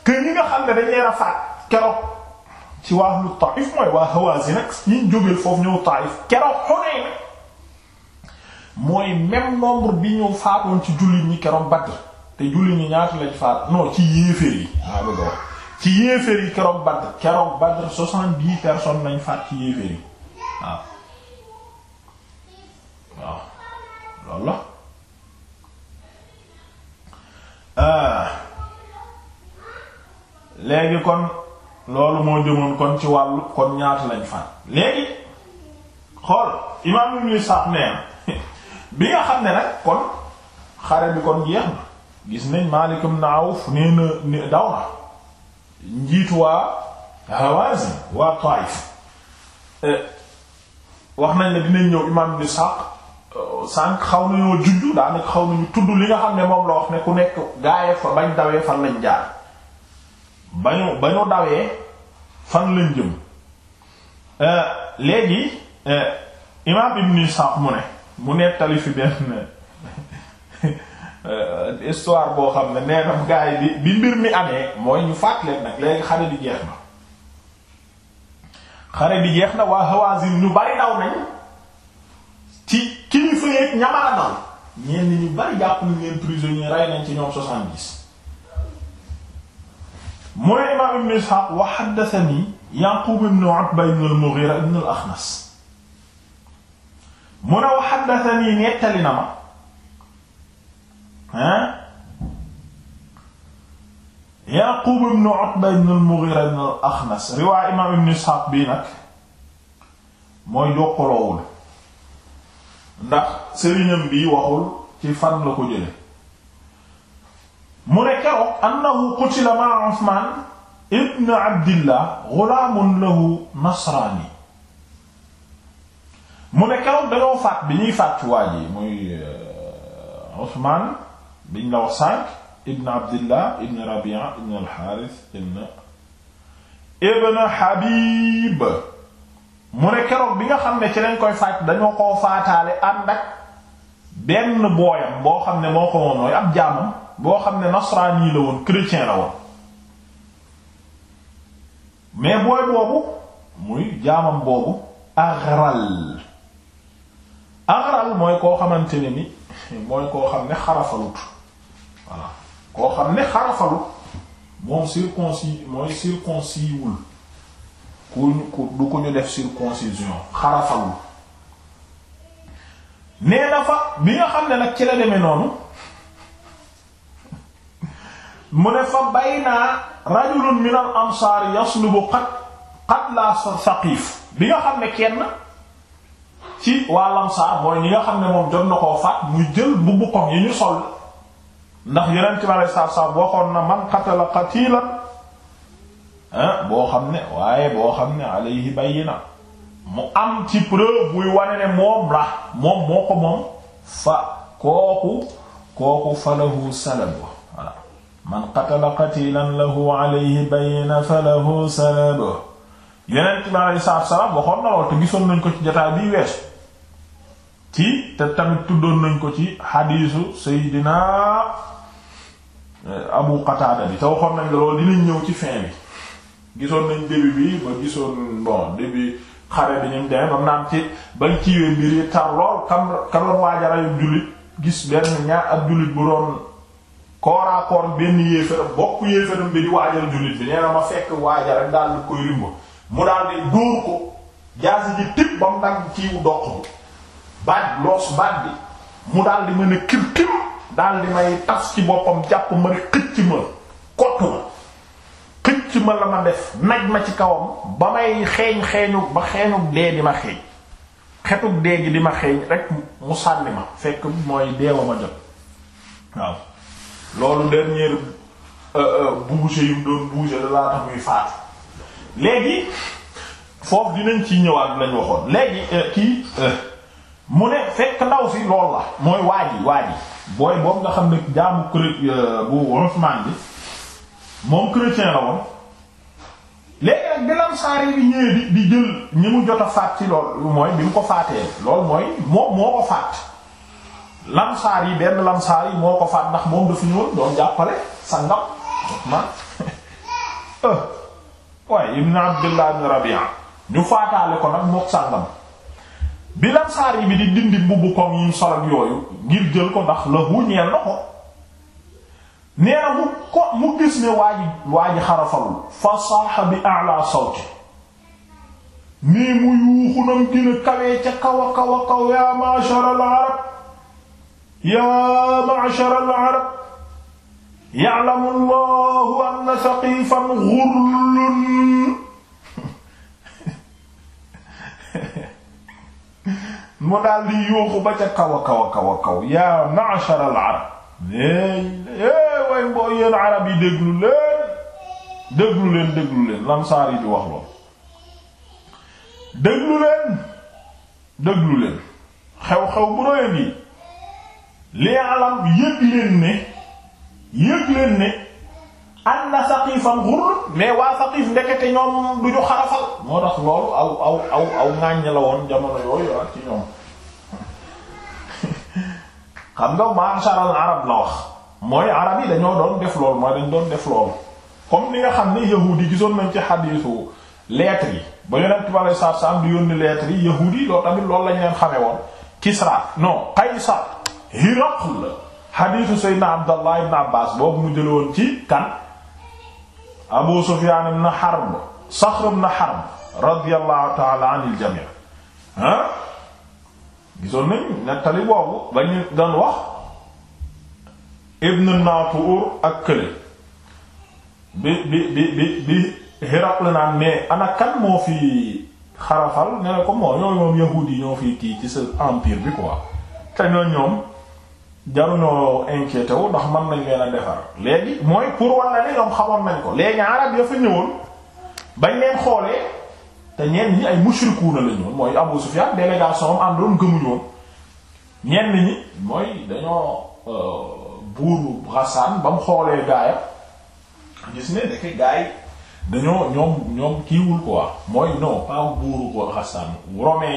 que [coughs] ñi nga xam ne dañ leen a ci waa ahlu Taif mooy waa Hawazin nag ñu jógeel foofu ñëw Taif keroog Hunayn mooy même nombre bi ñu faatoon ci jullit ñi keroog Badr te jullit ñi ñaata lañ faat non ci yéeféer yi waaw ah, loolu ci lañ faat ci yéeféer yi waaw waaw loolu la ah. kon loolu moo jëmoon kon ci wàllu kon ñaata lañ faat léegi xool imaam Ibn Isaaq nee na [laughs] bi nga xam ne nag kon xare bi kon jeex na gis nañ Maalik ibn Awf nee na daw na waa Hawaazin waa Taayif eh, wax nañ ne dinañ ñëw imaam Ibn Isaaq eh, sànq xaw nañoo jujju daanaka xaw nañu tudd li nga xam ne moom la wax ne ku nekk gaayee fa bañ dawee fan lañ jaar ba ñu ba ñu dawee fan lañ jëm euh, léegi euh, imaam ibn Isaaq mu ne mu nettali fi benn [laughs] euh, histoire boo xam ne nee na bi bi mbir mi amee mooy ñu fàtt leen nag léegi xare bi jeex na xare bi jeex na waa Hawazin ñu bari daw nañ ci kilifa yeek ñamaa daw ñenn ñu bari jàpp nañ leen prisonnier rey nañ ci ñoom soixante-dix mu imaam ibn Isxaaq wa haddathanii Yaquub ibn Utba ibn al-Mughiira mu ne wa haddathanii nettali na ma ah Yaquub ibn Utba ibn al-Mughiira ibn al-Axnas riwaay imaam ibn Isxaaq bii nag mooy jokkaloowul ndax bi waxul ci fan la ko jële mu ne keroog annahu qutila ma'a Usmaan ibn Abdillah ghulaamun lahu nasraani mu ne keroog dañoo faat bi ñuy faat waa ji muy euh, Usmaan biñ la wax sànq ibn Abdillah ibn Rabi'a ibn al-Haaris ibn ibn Habib mu ne keroog bi nga xam ne ci lañ koy faat dañoo koo faataale ànd ak benn booyam boo xam ne moo ko woon nooy ab jaamam boo xam ne nasraani la woon chrétien la woon mais booy boobu muy jaamam boobu agral agral mooy koo xamante ne ni mooy koo xam ne xarafalut voilà koo xam ne xarafalut moom circoncis mooy circonciwul ku ku du ko ñu def circoncision xarafalu nee na fa bi nga xam ne nag ci la demee noonu mu ne fa bayna rajulun min al ansaar yaslubu qat qatla saqiif bi nga xam ne kenn ci waa lansaar mooy ñi nga xam ne moom jot na koo faat muy jël bubbu koŋ yi ñu sol ndax yeneen ci ma lay saabsaab waxoon na man qatala qatilan ah, boo xam ne waaye boo xam ne alayhi bayyina mu am ci preuve buy wane ne moom la moom moo ko moom fa kooku kooku falahu salabu man qatala qatilan lahu alayhi bayna falahu salabuh yonent bi alayhi salaatu salaam waxoon na lool te gisoon nañ ko ci jotaay bii weesu ci te tamit tuddoon nañ ko ci xadiisu Seydina eh, Abu Qataada bi te waxoon nañ lool dinañ ñëw ci fin bi gisoon nañ début bi ba gisoon bon début xare bi ñu demee ba naan ci bañ ciwee mbir yi tar lool kam ka doon waajara yu jullit gis benn ñaar ak jullit bu doon kooraakoor benn yéeféram bokk yéeféram bi di waajal jullit bi nee na ma fekk waajal rek daal di koy rimba mu daal di dóor ko jaasi ji tib ba mu dagg ciiw doq bi baat loos baat bi mu daal di mën kir kir daal di may tas ci boppam jàpp ma ne xëcc ma kott ma xëcc ma la ma def naj ma ci kawam ba may xeeñ xeeñu ba xeeñu dee di ma xeeñ xetuk dee di ma xeeñ rek mu sànni ma fekk mooy deewa ma jot waaw loolu dernier euh, euh, bouger yu mu doon bouger la laa tax muy faatu léegi foofu dinañ ci ñëwaat lañ waxoon léegi euh, kii mu ne fekk ndaw si lool la mooy waaji waaji booy boobu nga xam ne jaamu cré bu Usmaan bi moom chrétien la woon léegi nag bilam saare bi ñëwee di di jël ñi mu jot a faat ci lool mooy bi mu ko faatee lool mooy moo moo ko faat lamsaar yi benn lamsaar yi moo ko faat ndax moom dafa ñëwoon doon jàppale sa ngam man [laughs] eh. waaye ibn abdullah ibn rabi'a ñu faataale ko nag mook sàngam bi lamsaar yi bi di dindi mbubb koom yi sol yooyu ngir jël ko ndax la huñeel na ko nee mu ko mu gis ne waa ji xarafalul fa saaxa bi a'la sawti nii mu yuuxu nam gën kawee ca kaw a kaw yaa ma'shar al yaa ma'shar al-arab ya'lamu Allahu anna Saqifan ghurlun mu daal di yuuxu ba ca kaw a kaw a kaw a kaw yaa ma'shar al-arab way mboo yéen arab yi déglu leen déglu leen déglu leen lamsaar yi di wax lool déglu leen déglu leen xew-xew bu rëy bi li alam yëg leen ne yëg leen ne an na saqifan mais waa saqif ndekete ñoom du ñu xarafal moo tax loolu aw aw aw aw ŋàññ la woon jamono yooyu ak ah ci ñoom [laughs] xam nga masharal arab la wax mooy arab yi dañoo doon def loolu mooy dañ doon def loolu comme ni nga xam ne yahuud yi gisoon nañ ci xadiisu lettres yi ba yonent bi alei satu salaam di yónni lettres yi yahuud yi loolu tamit loolu lañ leen xamee woon Kisra non Qaysar Hiraql xadiisu Seydina Abdallah ibn Abbas boobu mu jëloon ci kan Abu Sufyaan ibn Harb Saxr ibn Harb radiyallahu ta'ala anil jamii ah gisoon nañ nettali boobu ba ñu doon wax Ibn Naatuur ak kële bi bi bi bi bi Hiraql naan mais ana kan moo fi xarafal ne ko moo yooyu moom yahuud yi ñoo fi kii ci sa empire bi quoi te ñoom. jaruñoo inquiété wu ndax mën nañ leen a defar léegi mooy pour walla ne xamoon nañ ko léegi arab ya fa ñëwoon bañ leen xoolee te ñenn ñi ay mushrikuuna la ñoon mooy Abu Sufyan délégation am àndoon gëmuñu woon ñenn ñi mooy dañoo euh, buuru Ghassan ba mu xoolee gaaya gis ne dëkk gaay dañoo ñoom ñoom kiiwul quoi mooy non pas buuru ko Ghassan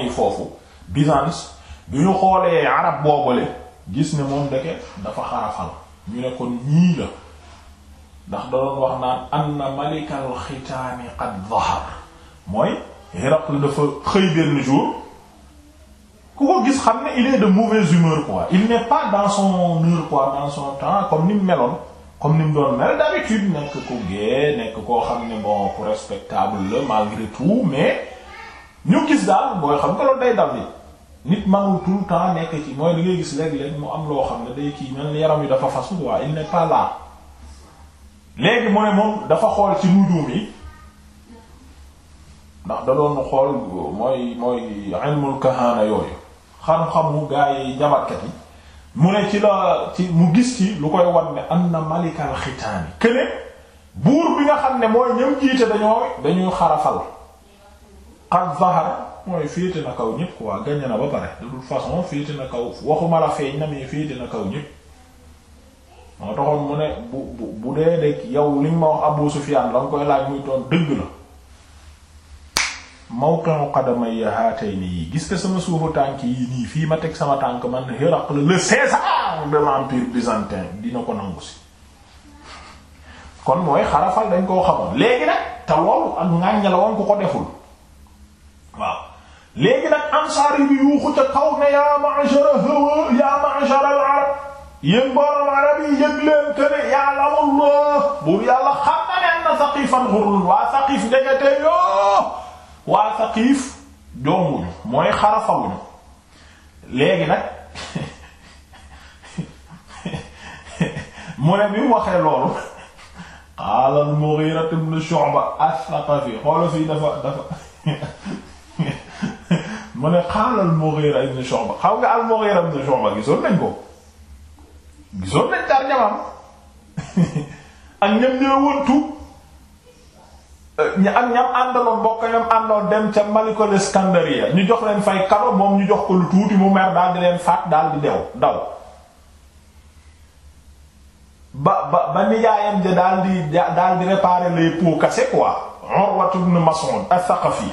yi foofu Byzance bi ñu xoolee arab boobale gis ne moom ndeke dafa xarafal ñu ne kon ñii la ndax da wax naan na malikal xitaani qad zahar mooy Hiraql dafa xëy benn jour ku ko gis xam ne il est de mauvaise humeur quoi il n'est pas dans son heure quoi temps comme ni mu meloon comme ni mu doon mel d'habitude nekk ku gee nekk koo xam ne bon ku respectable la malgré tout mais ñu gis daal booy xam nga loolu day dal ni nit manul tout nekk ci mooy léegi si gis léeg mu am loo xam ne day kii mel yaram yi dafa fasu waa il n'est pas léegi mu moom dafa xool ci nujum yi ndax da xool mooy mooy ilmul kahana yooyu xam gaa yi jabarkat mu ne ci la ci mu gis ci lu koy wan ne am na malikal xitaani këne buur bi nga xam ne mooy ñëm jiite dañoo dañuy xarafal qad zahara mooy féete na kaw ñëpp quoi gagné na ba pare de toute façon féete na kaw waxuma la feeñ na mais féete na kaw ñëpp moo taxoon mu ne bu bu bu dee rek yow liñ ma wax Abu Sufyan la nga koy laaj muy doon dëgg la mawqi'u qadamay haatayni yi gis nga sama suufu tànk yi nii fii ma teg sama tànk man Héracle le César de l'empire byzantin dina ko nangu si kon mooy xarafal dañ koo xamoon léegi nag te loolu ak ngàññ la woon ku ko deful waaw léegi nag ansaar yi yuuxu ca kaw ne yaa ma'shara hawa yaa ma'shara al-arab yéen borom arab yi yëg leen que ne yàlla wallah buur yàlla xam na leen na saqifan xurul waa saqif ndekete yoo waa saqif jombuñu mooy xarafawuñu léegi nag [laughs] mu ne bi mu waxee loolu qaala al-Mughira ibn Shu'ba as-Saqafi xoolal fii dafa dafa [laughs] mu ne qaala al-Mughira ibn Shu'ba xaw nga al am ibn Shu'ba gisoon nañ ko gisoon nañ tar [laughs] ak ñam ñoo wëntu ña ñam àndaloon bokk ñam àndoon dem ca Malikul Iskandariya ñu jox leen fay kado moom ñu jox ko lu tuuti mu mer daal di leen faat daal di dew daw ba ba ba nijaayam ja daal di daal di réparer les pots cassés quoi Urwatu ibn Mas'ud al-Thaqafi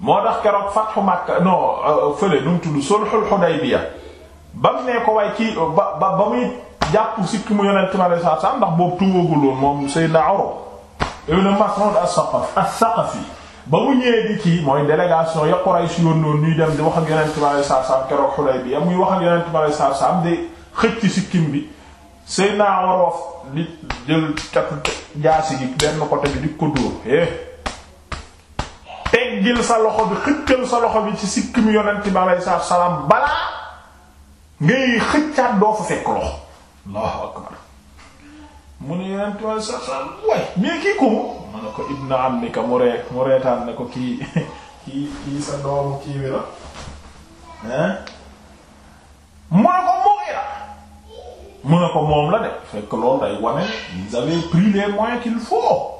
moo tax keroog fatxu Makka non euh, fële nu mu tudd sulhul Hudaybiya ba mu ne ko waaye ci ba ba ba muy jàpp sikki mu yonent mi alayhi salaatu salaam ndax boobu tuubagul woon moom Seydina Urwa ibn Mas'ud as-Saqafi as-Saqafi ba mu ñëwee di kii mooy délégation ya Quraysh yónnoon ñuy dem di wax ak yonent mi alayhi salaatu salaam keroog Hudaybiya muy wax ak yonent mi alayhi di xëcc sikkim bi Seydina Urwa di jël catu jaasi gi benn côté bi di ko dóor eh. teggil sa loxo bi xëccal sa loxo bi ci sikkim yonent bi alayhi salaatu salaam balaa ngay xëccaat doo fa fekk loxo mu ne yonent bi alayhi salaatu salaam waay mais mu ne ko ibna amnika mu ree mu reetaan ne ko kii kii sa doomu kii wi la hein mu ne ko Mughira mu ne moom la de fekk loolu day wane vous avez pris les moyens qu'il faut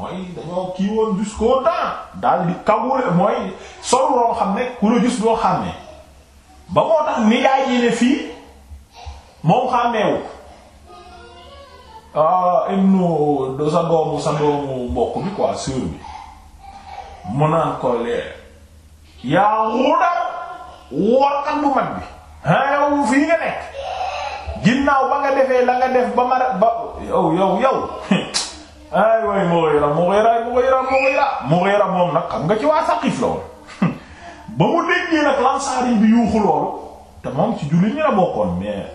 mooy dañoo kii woon jusqu'au temps daal di kawule mooy sol loo xam ne ku la gis doo xam ne ba moo tax ni yaay ji ne fii moom xàmmeewu ah ibnu sa doomu sa doomu mbokk bi quoi sœur bi mu naan ko leer yaa wutal wootal bu mag bi ah yow fii nga nekk ginnaaw ba nga defee la nga def ba ma ba yow yow yow [laughs] ay way Mughira Mughira Mughira Mughira Mughira moom nag xam nga ci waa Saqif la woon [laughs] ba mu déggee nag lansaar yi bi yuuxu loolu te moom ci julli ñu la bokkoon mais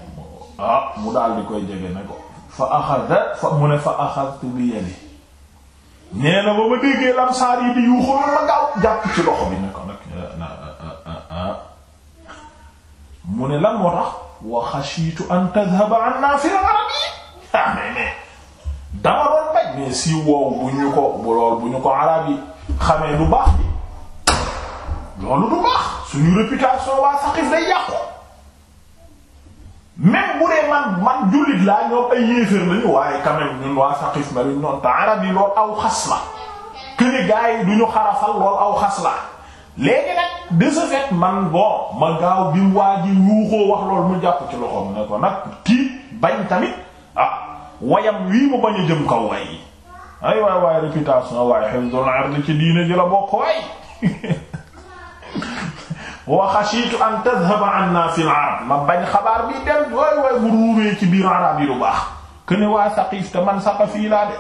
ah, mu daal di koy jege ne ko fa axada fa mu ne fa axadtu bi yadi nee na ba ma déggee lansaar yi bi yuuxu loolu ma gaaw jàpp ci loxo bi ne ko nag eh, eh, eh, mu ne lan moo tax wa xashiitu an tadhhaba anna fi al-arabi mais si woowu bu ñu ko bu lool bu ñu ko arab yi xamee lu baax bi loolu du baax suñu réputation waa Saqif day yàqu même bu dee man man jullit laa ñoom ay yéeféer lañu waaye quand ñun waa Saqif ma luñ noonu yi loolu aw xas la këni gaa yi duñu xarafal loolu aw xas la léegi nag de ce man bon ma gaaw bi waa ji yuuxoo wax loolu mu jàpp ci loxoom ne ko nag tii bañ tamit ah wayam wii mu bañ jëm kaw way ay waay waay réputation waay hifzul ard ci diine ji la bokk waay wa xashiitu an tadhhaba anna fil ma bañ xabaar bi dem waay waay bu ruuree ci biir arab yi lu baax kene waa man Saqafi laa de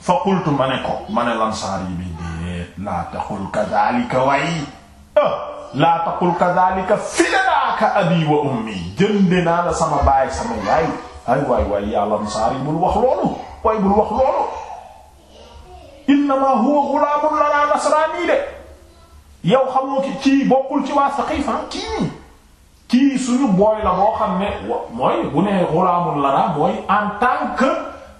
fa qultu ma ne ko ma ne lansaar bi déet laa taqul kadhalika waay eh, laa taqul kadhalika fidaka abi wa ummi jënde naa la sama baay sama yaay ay waay waay yaa lansaar yi bul wax loolu waay innamaa huwa ghulaamun lanaa nasraani de yow xamoo kii bokkul ci waa Saqiif ah, kii kii suñu booy la boo xam ne mooy bu nee ghulaamun lanaa mooy en tant que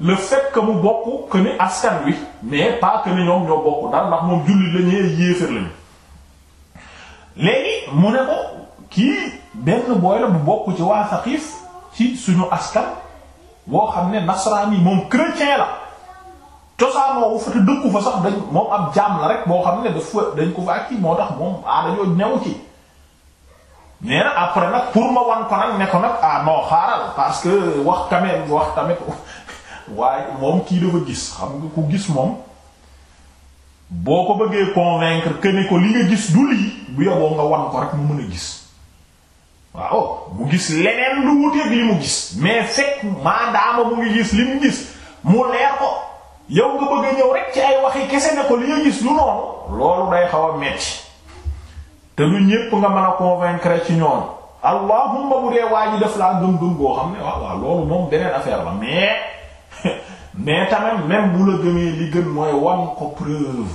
le mu bokk que ni askan wi mais pas ni ñoom ñoo bokk dara ndax moom jullit la ñuy yéefar lañu léegi mu ne ko kii benn booy la bu bokk ci waa Saqiif ci suñu askan boo xam ne nasraani moom chrétien la. cosaanoo wu fa te dëkku fa sax dañ moom ab jaam la rek boo xam ne daf dañ ko fa ak kii moo tax moom aada ñoo new ci nee après nag pour ma wan ko nag ne ko nag ah non xaaral parce que wax tamit wax tamit [laughs] waaye moom kii dafa gis xam nga ko gis moom boo ko bëggee convaincre que ko li nga gis du lii bu yoboo nga wan ko rek mu mën a gis waaw mu gis leneen lu wuteeg li mu gis mais fekk maadaama mu ngi gis li mu gis mu leer ko. yow nga bëgg a ñëw rek ci ay waxi kese ne ko li nga gis lu noonu loolu day xaw metti te lu ñépp nga mën a convaincre ci ñoom allahumma bu dee waa ji def laa gëm-gëm boo xam ne waaw waaw loolu moom beneen affaire la mais [laughs] mais tamit même bu la gëmee li gën mooy wan ko preuve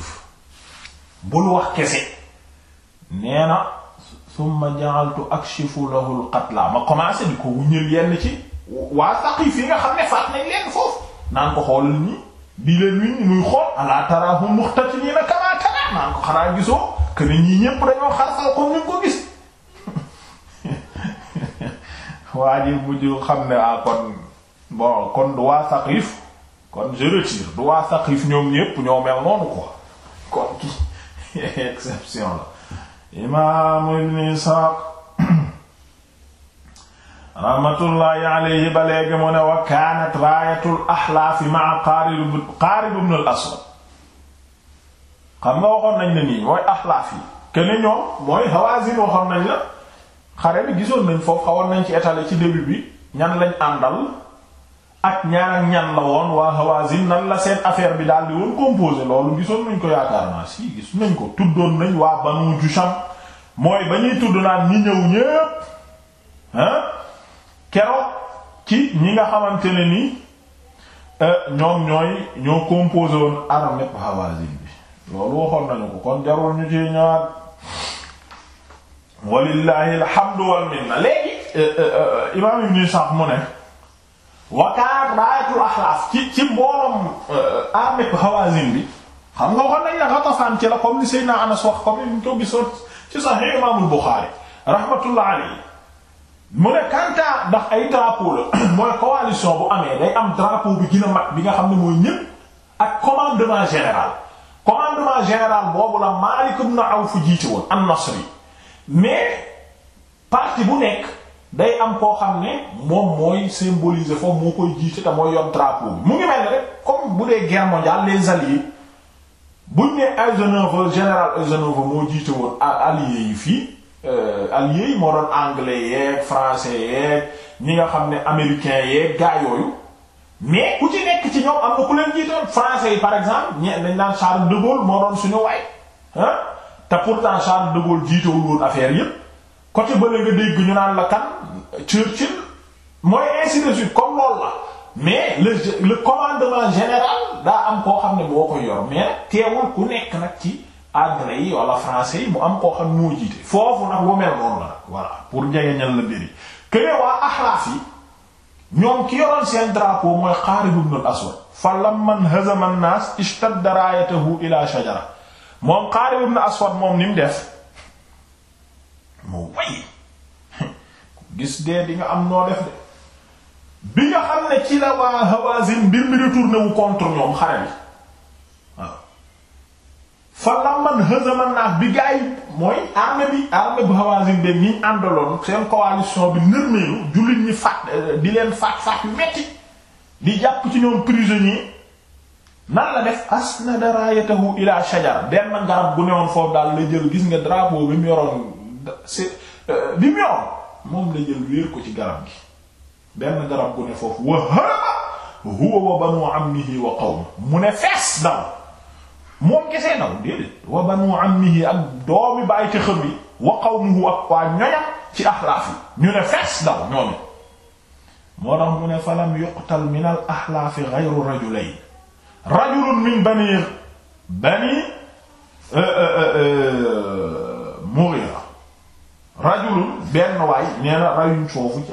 bul wax kese nee na summa ja'altu akshifu lahu al-qatla ma commencé di ko wuññil yenn ci waa Saqif yi nga xam ne faat nañ leen foofu naan ko xoolal ñi di leen muy xool ala tarahum muxtatiniina kama tara naan ko xanaa gisoo que ne ñii ñépp dañoo xarsal comme ni nga ko gis [laughs] waa ji mujj xam ne ah kon bon kon du waa Saqif kon je du waa Saqif ñoom ñépp ñoo mel noonu quoi kon ki [laughs] exception la imam Ibn Sa'd rahmatullahi alayhi ba léegi mu ne wa kaanat raayatul axlaafi maa qaarib ibn al aswad xam nga waxoon nañ ne nii mooy axlaaf yi kenn ñoom mooy hawazin waxoon nañ la xare bi gisoon nañ foofu xawoon nañ ci étalé ci début bi ñan lañ àndal ak ñaar ak ñan la woon waa hawazin nan la seen affaire bi daal di woon composé loolu gisoon nañ ko yaakaar naa si gis nañ ko tuddoon nañ waa banu jusham mooy ba ñuy tudd naan ñi ñëw ñépp keroog ci ñi nga xamante ne ni euh, ñoom ñooy ñoo composé woon armée Hawazin bi loolu waxoon nañu ko kon jarul ñu ci ñëwaat walillahi alhamdu wal minna léegi euh, euh, imaam ibn Ishaq mu ne wakaar raayatul axlaaf ci ci mbooloom armée Hawazin bi xam nga waxoon nañ ne Ghatafan ci la comme li Seydina Anas wax comme ni ñu ko gisoon ci Sahih imaamul Bukhari rahmatullah alayhi mu ne kantaa ndax ay drapeau la [coughs] mooy coalition bu amee day am drapeau bi gën mag bi nga xam ne mooy ñépp ak commandement général commandement général boobu la Maalik am fu jiite woon an-Nasri mais parti bu nekk day am koo xam ne moom mooy symboliser foofu moo koy jiite te mooy yoon drapeau bi mu ngi mel rek comme bu dee guerre mondiale les alliés buñ ne Eisenhower général Eisenhower moo jiite woon alliés yi fii Euh, alliés yi moo doon anglais yeeg français yeeg ñi nga xam ne américains yeeg gaa yooyu mais ku ci nekk ci ñoom am na ku leen jiitoon français yi par exemple ñe dañ naan Charles de Gaulle moo doon suñu waay ah te pourtant Charles de Gaulle jiitewul yëpp affaire yépp côté bële nga dégg ñu naan la kan Churchill mooy ainsi suite comme loolu la mais le le commandement général daa am koo xam ne boo ko yor mais teewul ku nekk nag ci. anglais yi wala français yi mu am koo xam moo jiite foofu nag bu mel noonu la nag voilà pour njegeñal la mbir yi kënee waa axlaaf yi ñoom ki yoroon seen drapeau mooy Xaalid moom Xaalid ibn al-Aswad moom [laughs] bi nga xam ne ci la waa Hawaazin mbir mi retourné wu ñoom xare bi fa lamman hazama naaf bi gaa yi mooy armée bi armée bu Hawazin bi ñi àndaloon seen coalition bi nërmeelu jullit ñi faat euh, di leen faat faat yu metti di jàpp ci ñoom prisonnier nan la def asnada raayatahu ila shajar benn garab bu newoon foofu daal la jël gis nga drapeau bi mu yoroon euh, bi mu moom la jël wéer ko ci garab gi benn garab bu ne foofu wa haraba huwa wa banu ammihi wa qawm mu ne fees daw moom gesee naw déedéet wa banu ammihi ak doomi bàyyi ca xëm yi wa qawmuhu ak waa ci axlaaf yi ne fees daw ñoomi moo tax mu ne falam yuqtal min al axlaafi ghayru rajulayn rajulun bani bani euh, euh, euh, Mughira rajulun benn waay nee na rayuñ foofu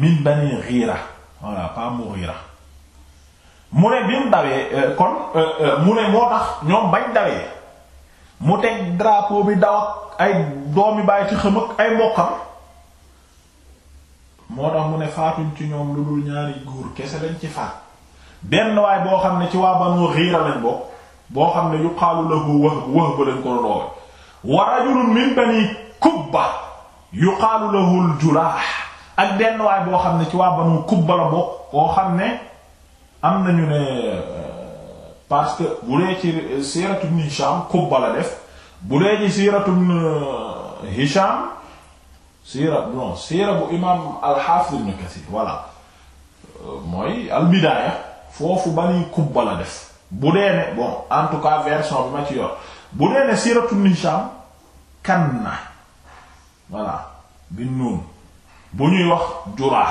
min bani xiira voilà pas mughira mu ne bi mu dawee euh, kon euh, euh, mu ne moo tax ñoom bañ dawee mu teg drapeau bi daw ak ay doomi bàyyi ci xam ay mbokkam moo tax mu ne faatuñ ci ñoom lu dul ñaari góor kese lañ ci faat benn waay boo xam ne ci waa banu xiira lañ bokk boo xam ne yuqaalu lahu wax wax ba lañ ko doon woowe wa rajulun min bani kubba yuqaalu lahu al julaah ak benn waay boo xam ne ci waa banu kubba la bokk boo xam ne am nañu ne euh, parce que bu dee ci siiratu ibn Hisham kubba la def bu dee ci siiratu ibn siira non siira bu imaam al-Hafiz ibn Kathir euh, mooy al-Bidaaya foofu bani kubba la def bu dee ne bon en tout cas version bi ma ci yor bu dee ne siiratu ibn kan na voilà bi noonu bu ñuy wax juraax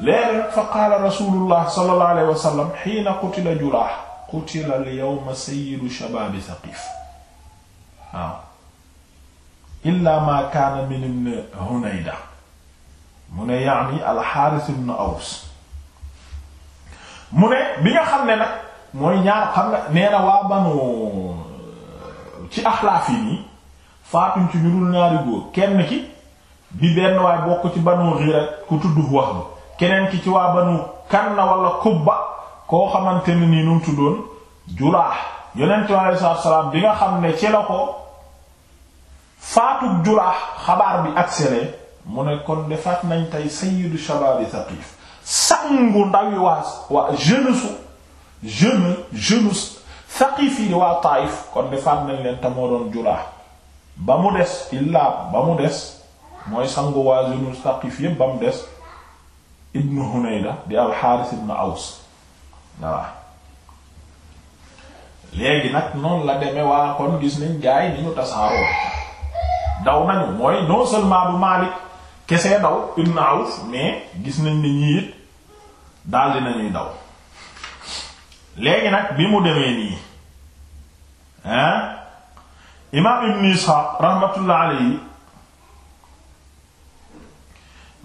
léegi nag fa qaala rasulullah sallallahu alayhi wa sallam xiina qutila juraax qutila al-yawma sayyidu shabaabi Saqiif waaw illaa maa kaana min ibn Hunayda mu ne yaani al-Haaris ibn Aws mu ne bi nga xam ne nag mooy ñaar xam nga nee na waa banu ci axlaaf yi nii faatuñ ci ñu dul ñaari góor kenn ki bi benn waay bokk ci banu gira ku tudd wax bi keneen ki ci waa banu kanna wala kubba koo xamante ne nii nu mu tuddoon julaax yonent mi alei salaam bi nga xam ne ci ko faatu julaax xabaar bi agsele mu ne kon de nañ tey sayyidu shababi thaqif sangu ndawi waa waa jeunesse jeune jeunesse yi waa taayif kon de nañ leen moo doon julaax ba mu des illaa ba mu des mooy sangu waa Zunul Saqif yépp ba mu des ibnu Hunayda di al ibnu Aws waaw léegi nag noonu la deme waa kon gis nañ gaay ni ñu tasaaroo daw nañu mooy non seulement Maalik kese daw ibnu Awf mais gis nañ ni ñii it daldi nañuy daw léegi nag bi mu demee nii hein imaam ibnu Isxaaq rahmatullah alayhi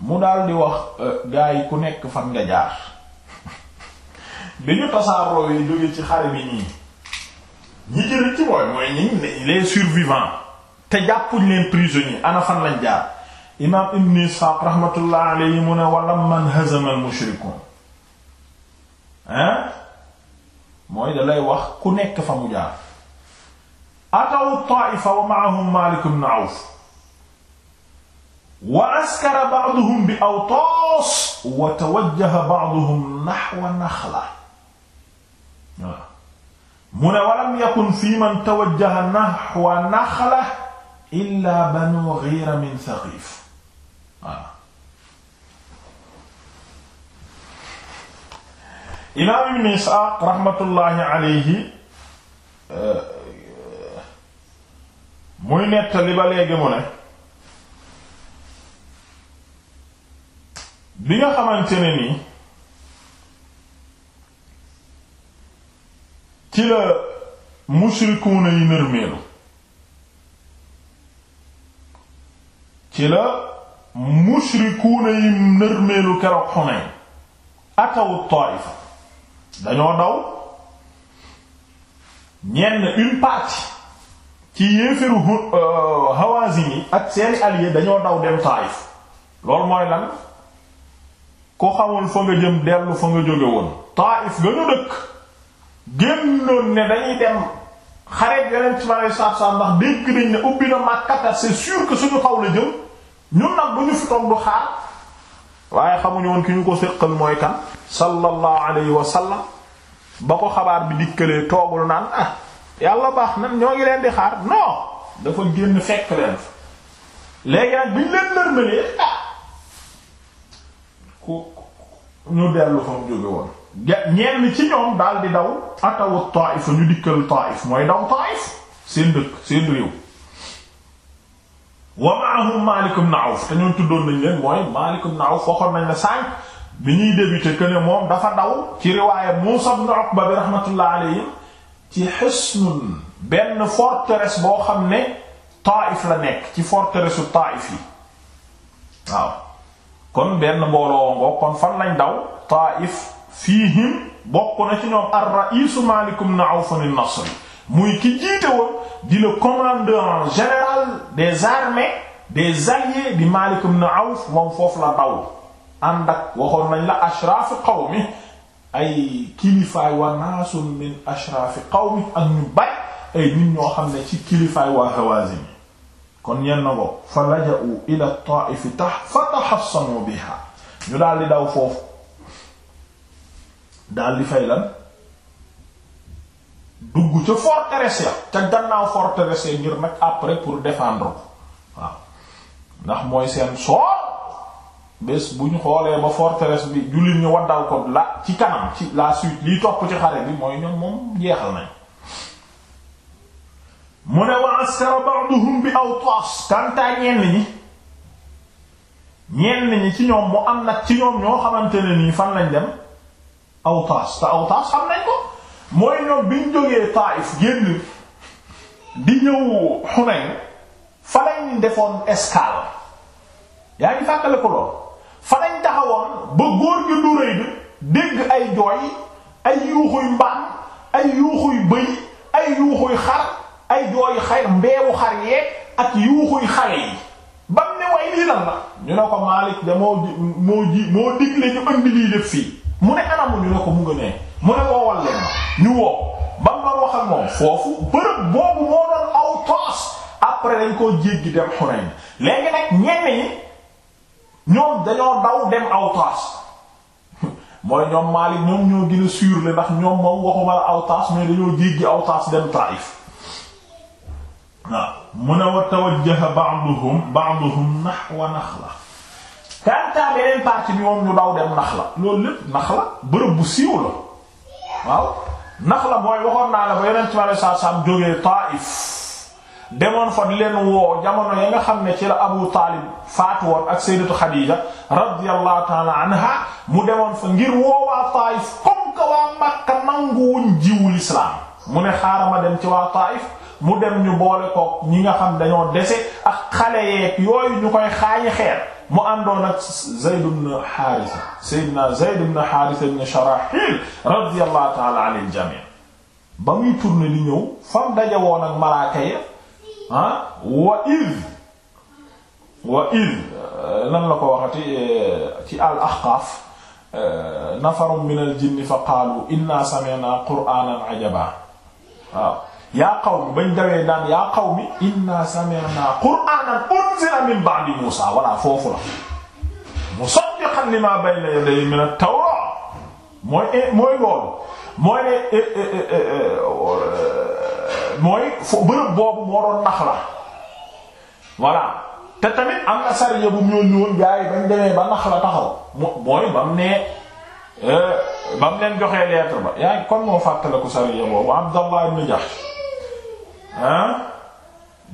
mu daal di wax euh, gaa yi ku nekk fan nga jaar [laughs] bi ñu tasaaroo yi jóge ci xare bi nii ñi jëriñ ci mooy mooy ñi les survivants te jàppuñ leen prisonniers ana fan lañ jaar imaam ibn Isxaaq rahmatullah alayhi mu ne walam man hazama al hein mooy dalay wax ku nekk fa mu jaar ataw Taa'ifa wa ma'ahum Maalik wa askara ba'duhum bi Awtaas wa tawajjaha ba'duhum nahwa Naxla waaw mu ne walam yakun fii man tawajjaha nahwa Naxla illaa Banuu Ghiira min Saqiif waaw imaam ibn Isxaaq raxmatullaahi alayhi eh, muy nettali ba léegi mu ne bi nga xamante ne ni ci la mushrikuuna yi nërmeelu ci la mushrikuuna yi nërmeelu keroog Xunayn atawu Taayif dañoo daw ñenn une partie ci yéeferu euh, Hawaazin yi ak seeni alliés dañoo daw dem Taayif loolu mooy lan ku xamul fa nga jëm dellu fa nga jóge woon Taayif gënu dëkk génnoon ne dañuy dem xareet yeneen ci mare saab-saab ndax dégg nañ ne ubbi na Makka c'est suñu xaw la jëm ñun nag bu ñu fi toog du xaar waaye xamuñu ki ñu ko séqal mooy kan sallallahu alayhi wa sallam ba ko xabaar bi dikkalee toogul naan ah yàlla baax nan ñoo ngi leen di xaar non dafa génn fekk leen fa léegi nag biñ leen lërmalee ah, ñu dellu fa mu jóge woon ñenn ci ñoom daal di daw atawu Taif ñu dikkal Taif mooy daw Taif seen dëkk seen réew wa ma'ahum Malik ibn Auf te ñoom tuddoon nañ leen mooy Malik ibn Auf waxoon nañ la sànq bi ñuy débuté que ne moom dafa daw ci riwaaya Musa ibn Uqba bi rahmatullah ci hisnun benn forteresse boo xam ne Taif la nekk ci forteresse u Taif yi waaw kon benn mbooloo ngoo kon fan lañ daw Taif fiihim bokk na ci ñoom ar-ra'isu Malik ibn Awf an-Nasri muy ki jiite woon di le commandeur en des armées des alliés di Malik ibn Awf moom foofu la daw ànd ak waxoon nañ la ashraafi qawmi ay kilifaay wa naasun min ashraafi qawmi ak ñu bay ay nit ñoo xam ne ci kilifaay waa Hawazin kon yenn ngo fa laja'u ila at-Taa'if fa tahassanu biha ñu daal di daw foofu daal di fay lan dugg ca forteresse ya ca gannaaw forteresse ya ngir nag après pour défendre ko waaw ndax mooy seen soor bés bu ñu xoolee ba forteresse bi jullit ñu waddal ko la ci kanam ci la suite liy topp ci xare bi mooy ñoom moom jeexal nañ mu ne wa askara ba'duhum bi Awtaas kantaa ñenn ñi ñenn ñi ci ñoom mu am ci ñoom ñoo xamante ne nii fan lañ dem Awtaas te Awtaas xam nañ ko mooy ñoom biñ jógee Taayif génn di ñëw Hunayn fa lañ defoon escale yaa ngi fàkkale ko lool fa lañ taxawoon ba góor gi du rëy ay jooy ay yuuxuy mbaam ay yuuxuy bëy ay yuuxuy xar ay jooyu xay mbeewu xar yeeg ak yuuxuy xale yi bam ne way lii lan la ñu ne ko Maalik de moo moo ji moo digle ñu ëmb lii lépp fii mu ne anamu ñu ne ko mu nga nee mu ne koo wallee ñu woo ba mu doon wax ak moom foofu bërëb boobu moo doon aw toos après dañ koo jéggi dem Hunayn léegi nag ñenn ñi ñoom dañoo daw dem aw toos [laughs] mooy ñoom Maalik ñoom ñoo gën a sûr le ndax ñoom moom waxuma la aw toos mais dañoo jéggi aw toos dem Taif waaw mu ne wa tawajjaha ba'duhum ba'duhum nahwa Naxla kantaa beneen partie bi moom ñu daw dem Naxla loolu lépp Naxla bërëb bu siiw la waaw Naxla mooy waxoon naa la ba yeneen ci ma saa saam jógee Taif demoon fa di woo jamono ya nga xam ne ci la Abu Taalib faatu woon ak Sayyidatu Xadiija radiyallahu ta'ala anha mu demoon fa ngir woo waa Taif comme que waa Makka nanguwuñ jiwu l'islam mu ne xaaral ma dem ci waa Taif mu dem ñu boole kook ñi nga xam dañoo dese ak xale yeeg yooyu ñu koy xaañi xeer mu àndoon ak Zayd ibn Haarisa Seydina Zayd ibn Haarisa ibn Sharahil radiyallahu ta'ala anil jami' ba muy tourné li ñëw fam daje woon ah, wa iz wa iz lan la ko waxati eh, ci al ahqaaf eh, nafarun min al jinni fa qaalu inna sami'na qur'aanan ajaba yaa qawmi bañ dawee daan yaa qawmi inna sami'na qur'aanan unzila min ba'di Muusaa walla foofu la musaddiqan limaa bayna yadayhi min at-Tawraat mooy eh, mooy loolu mooy ne eh, eh, mooy bërëb boobu moo doon Naxla voilà te tamit am na sariya bu mu yónni woon gars yi bañ demee ba Naxla taxaw mooy ba mu nee ba mu leen joxee lettre ba yaa ngi kon moo fàttaliku sariya boobu Abdallah ibn Jahsh ah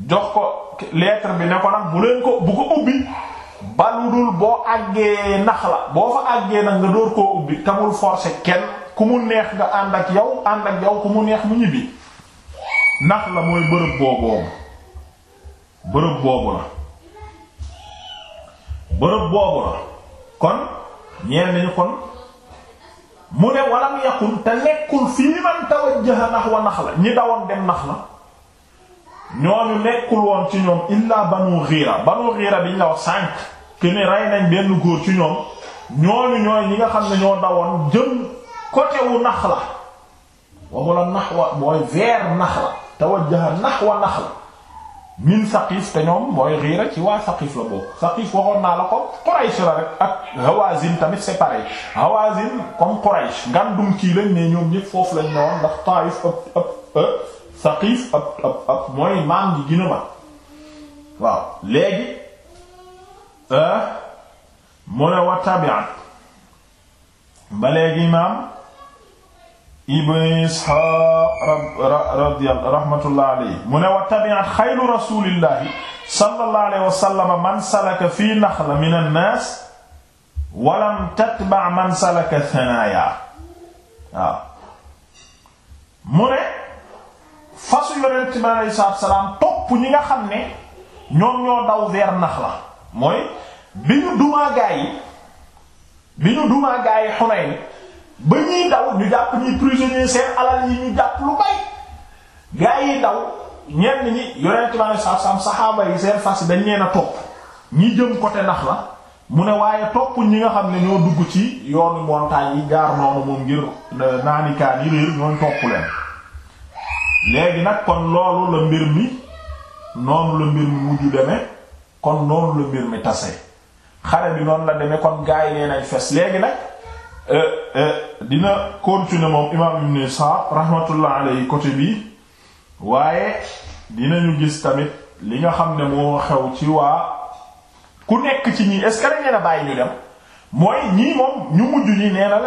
jox ko lettre bi ne ko nag bu leen ko bu ko ubbi baludul boo àggee nax la boo fa àggee nag nga door koo ubbi tamul forcer kenn ku mu neex nga ànd ak yow ànd ak yow ku mu neex mu ñibbi nax la mooy bërëb boobu la bërëb boobu la kon ñeen nañu kon mu ne walam yaqul te nekkul fii man tawajjaha nahwa nax la ñi dawoon dem nax la ñooñu nekkul woon ci ñoom illaa banu xiira banu xiira biñ la wax sànq que ne rey nañ benn góor ci ñoom ñooñu ñooy ñi nga xam ne ñoo dawoon jëm côté wu Naxla waxula Naxwa mooy vers Naxla tawajjaha Naxwa Naxla min Saqif te ñoom mooy xiira ci waa Saqif la bokk Saqif waxoon naa la ko Quraysh la rek ak Hawazin tamit c'est pareil Hawazin comme Quraysh ngandum kii lañ ne ñoom ñëpp foofu lañ ne woon saqiif ab ab ab mooy maam gi gën a mag waaw léegi euh, mu ne wa tabi'at ba léegi imaam ibn Isxaaq radiyallahu rahmatullahi alayhi mu ne wa tabi'at xayru rasulillahi sallallahu alayhi wa sallam man salaka fi naxla min an-naas wa lam tatba' man salaka thanaaya waaw mu ne fasu yonent bi aleyhi salaatu salaam topp ñi nga xam ne ñoom ñoo daw vers la mooy bi ñu dumaa gaa yi bi ñu dumaa gaa yi Hunayn ba ñuy daw ñu jàpp ñuy prisonnier seen alal yi ñu jàpp lu bay gaa yi daw ñenn ñi yonent bi aleyhi salaatu wa saxaaba yi seen fas dañ leen a topp ñi jëm côté la mu ne waaye topp ñi nga xam ne ñoo dugg ci yoonu montagne yi gaar noonu moom ngir euh, naanikaan yi réer ñooñ topp leen léegi nag kon loolu la mbir mi noonu la mbir mi mujju deme kon noonu la mbir mi tase xare bi noonu la deme kon gaay nee nañ fes léegi nag euh, euh, dina continuer moom imaam ibn Isaaq rahmatullah alayhi côté bi waaye dinañu gis tamit li nga xam ne moo xew ci waa ku nekk ci ñii est-ce que dañ leen bàyyi ñu dem mooy ñii moom ñu mujj ñi nee na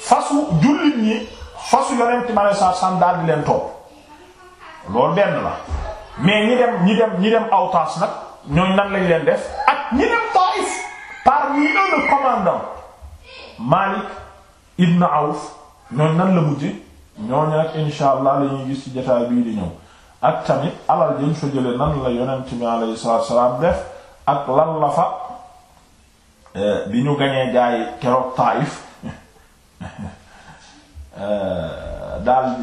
fasu jullit ñi fasu yonent ma ne saab saam daal di leen topp loolu benn la mais ñi dem ñi dem ñi dem Awtaas nag ñooñ nan lañ leen def ak ñi dem Taif parmi eux le commandant Malik ibn Awf ñooñ nan la mujje ñooñu nag insha allah la ñuy gis ci jotaay bii di ñëw ak tamit alal jën fa jële nan la yonent mi alayhi salaatu salaam def ak lan la fa eh, bi ñu gañee gaay keroog Taif [laughs] eh, daal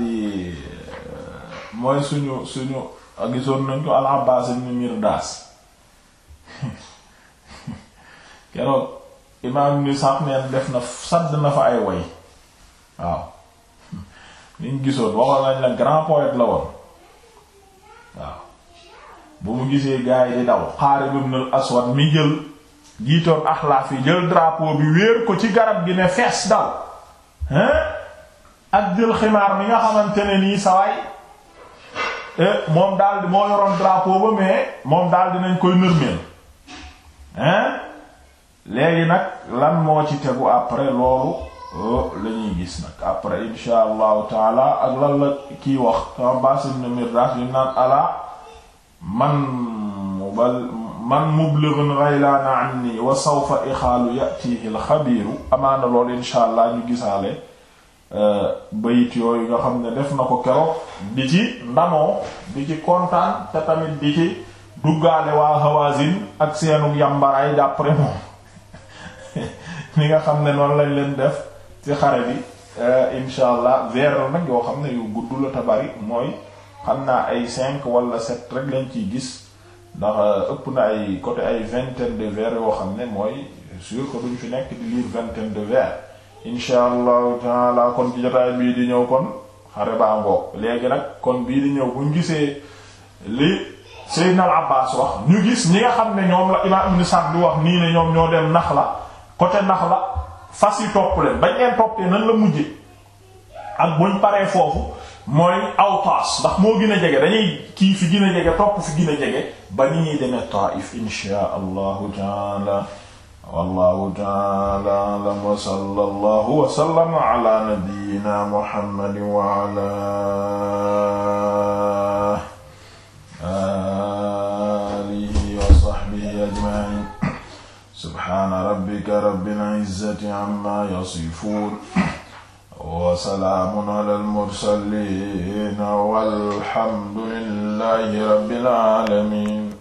mooy suñu suñu ah, gisoon nañ ko al-Abbaas ibn Mirdaas [laughs] keroog imaam ni sax neen def na sadd na fa ay woy waaw niñ [laughs] gisoon waxoon nañ la grand poète la woon waaw bu mu gisee gaay di daw Xaalid ibn al-Aswad mi jël jiitoon axlaaf yi jël drapeau bi wéer ko ci garab gi ne fees daw hein ak jël ximaar mi nga xamante ne nii sawaay moom daal di moo yoroon drapeau ba mais moom daal dinañ koy nërmeel hein nag lan moo ci tegu après loolu euh, la ñuy gis nag après insha allahu taala ak lan la kiy wax sama basim na mirdas yi naan ala man mubal man mublighun ghaylaana anni wa sawfa ixaalu yatihi amaana loolu insha allah ñu gisaale Euh, bayit yooyu nga xam ne def na ko keroog di ci ndamoo di ci kontaan te tamit di ci duggaale waa Hawazin ak seenu yambaraay d'après moom [laughs] ni nga xam ne noonu lañ leen def ci xare bi euh, insha allah vers nag yoo xam ne yu gudd la tabari mooy xam naa ay cinq wala sept rek lañ ciy gis ndax euh, ëpp na ay côté ay vingtaine de vers yoo xam ne mooy sûr que duñ fi nekk di vingt vingtaine de vers incha allahu taala kon ci jotaay bii di ñëw kon xare baa ngoog léegi nag kon bii di ñëw buñ gisee li Seydina al Abbas wax ñu gis ñi nga xam ne ñoom la imaam Ibn Sa'd bi wax nii ne ñoom ñoo dem Naxla côté Naxla fas yi topp leen bañ leen toppee nan la mujje ak buñ paree foofu mooy Awtaas ndax moo gën a jege dañuy kii fi gën a jege topp fi gën a jege ba ni ñuy demee Taif insha allahu taala wallahu taala alam wa sallallahu wa sallam ala nabiyyina muhammadin wa ala alihi wa sahbihi ajma'in subhana rabbika rabbil izzati amma yasifun wa salaamun ala al-mursaliin walhamdulillahi rabbil alamin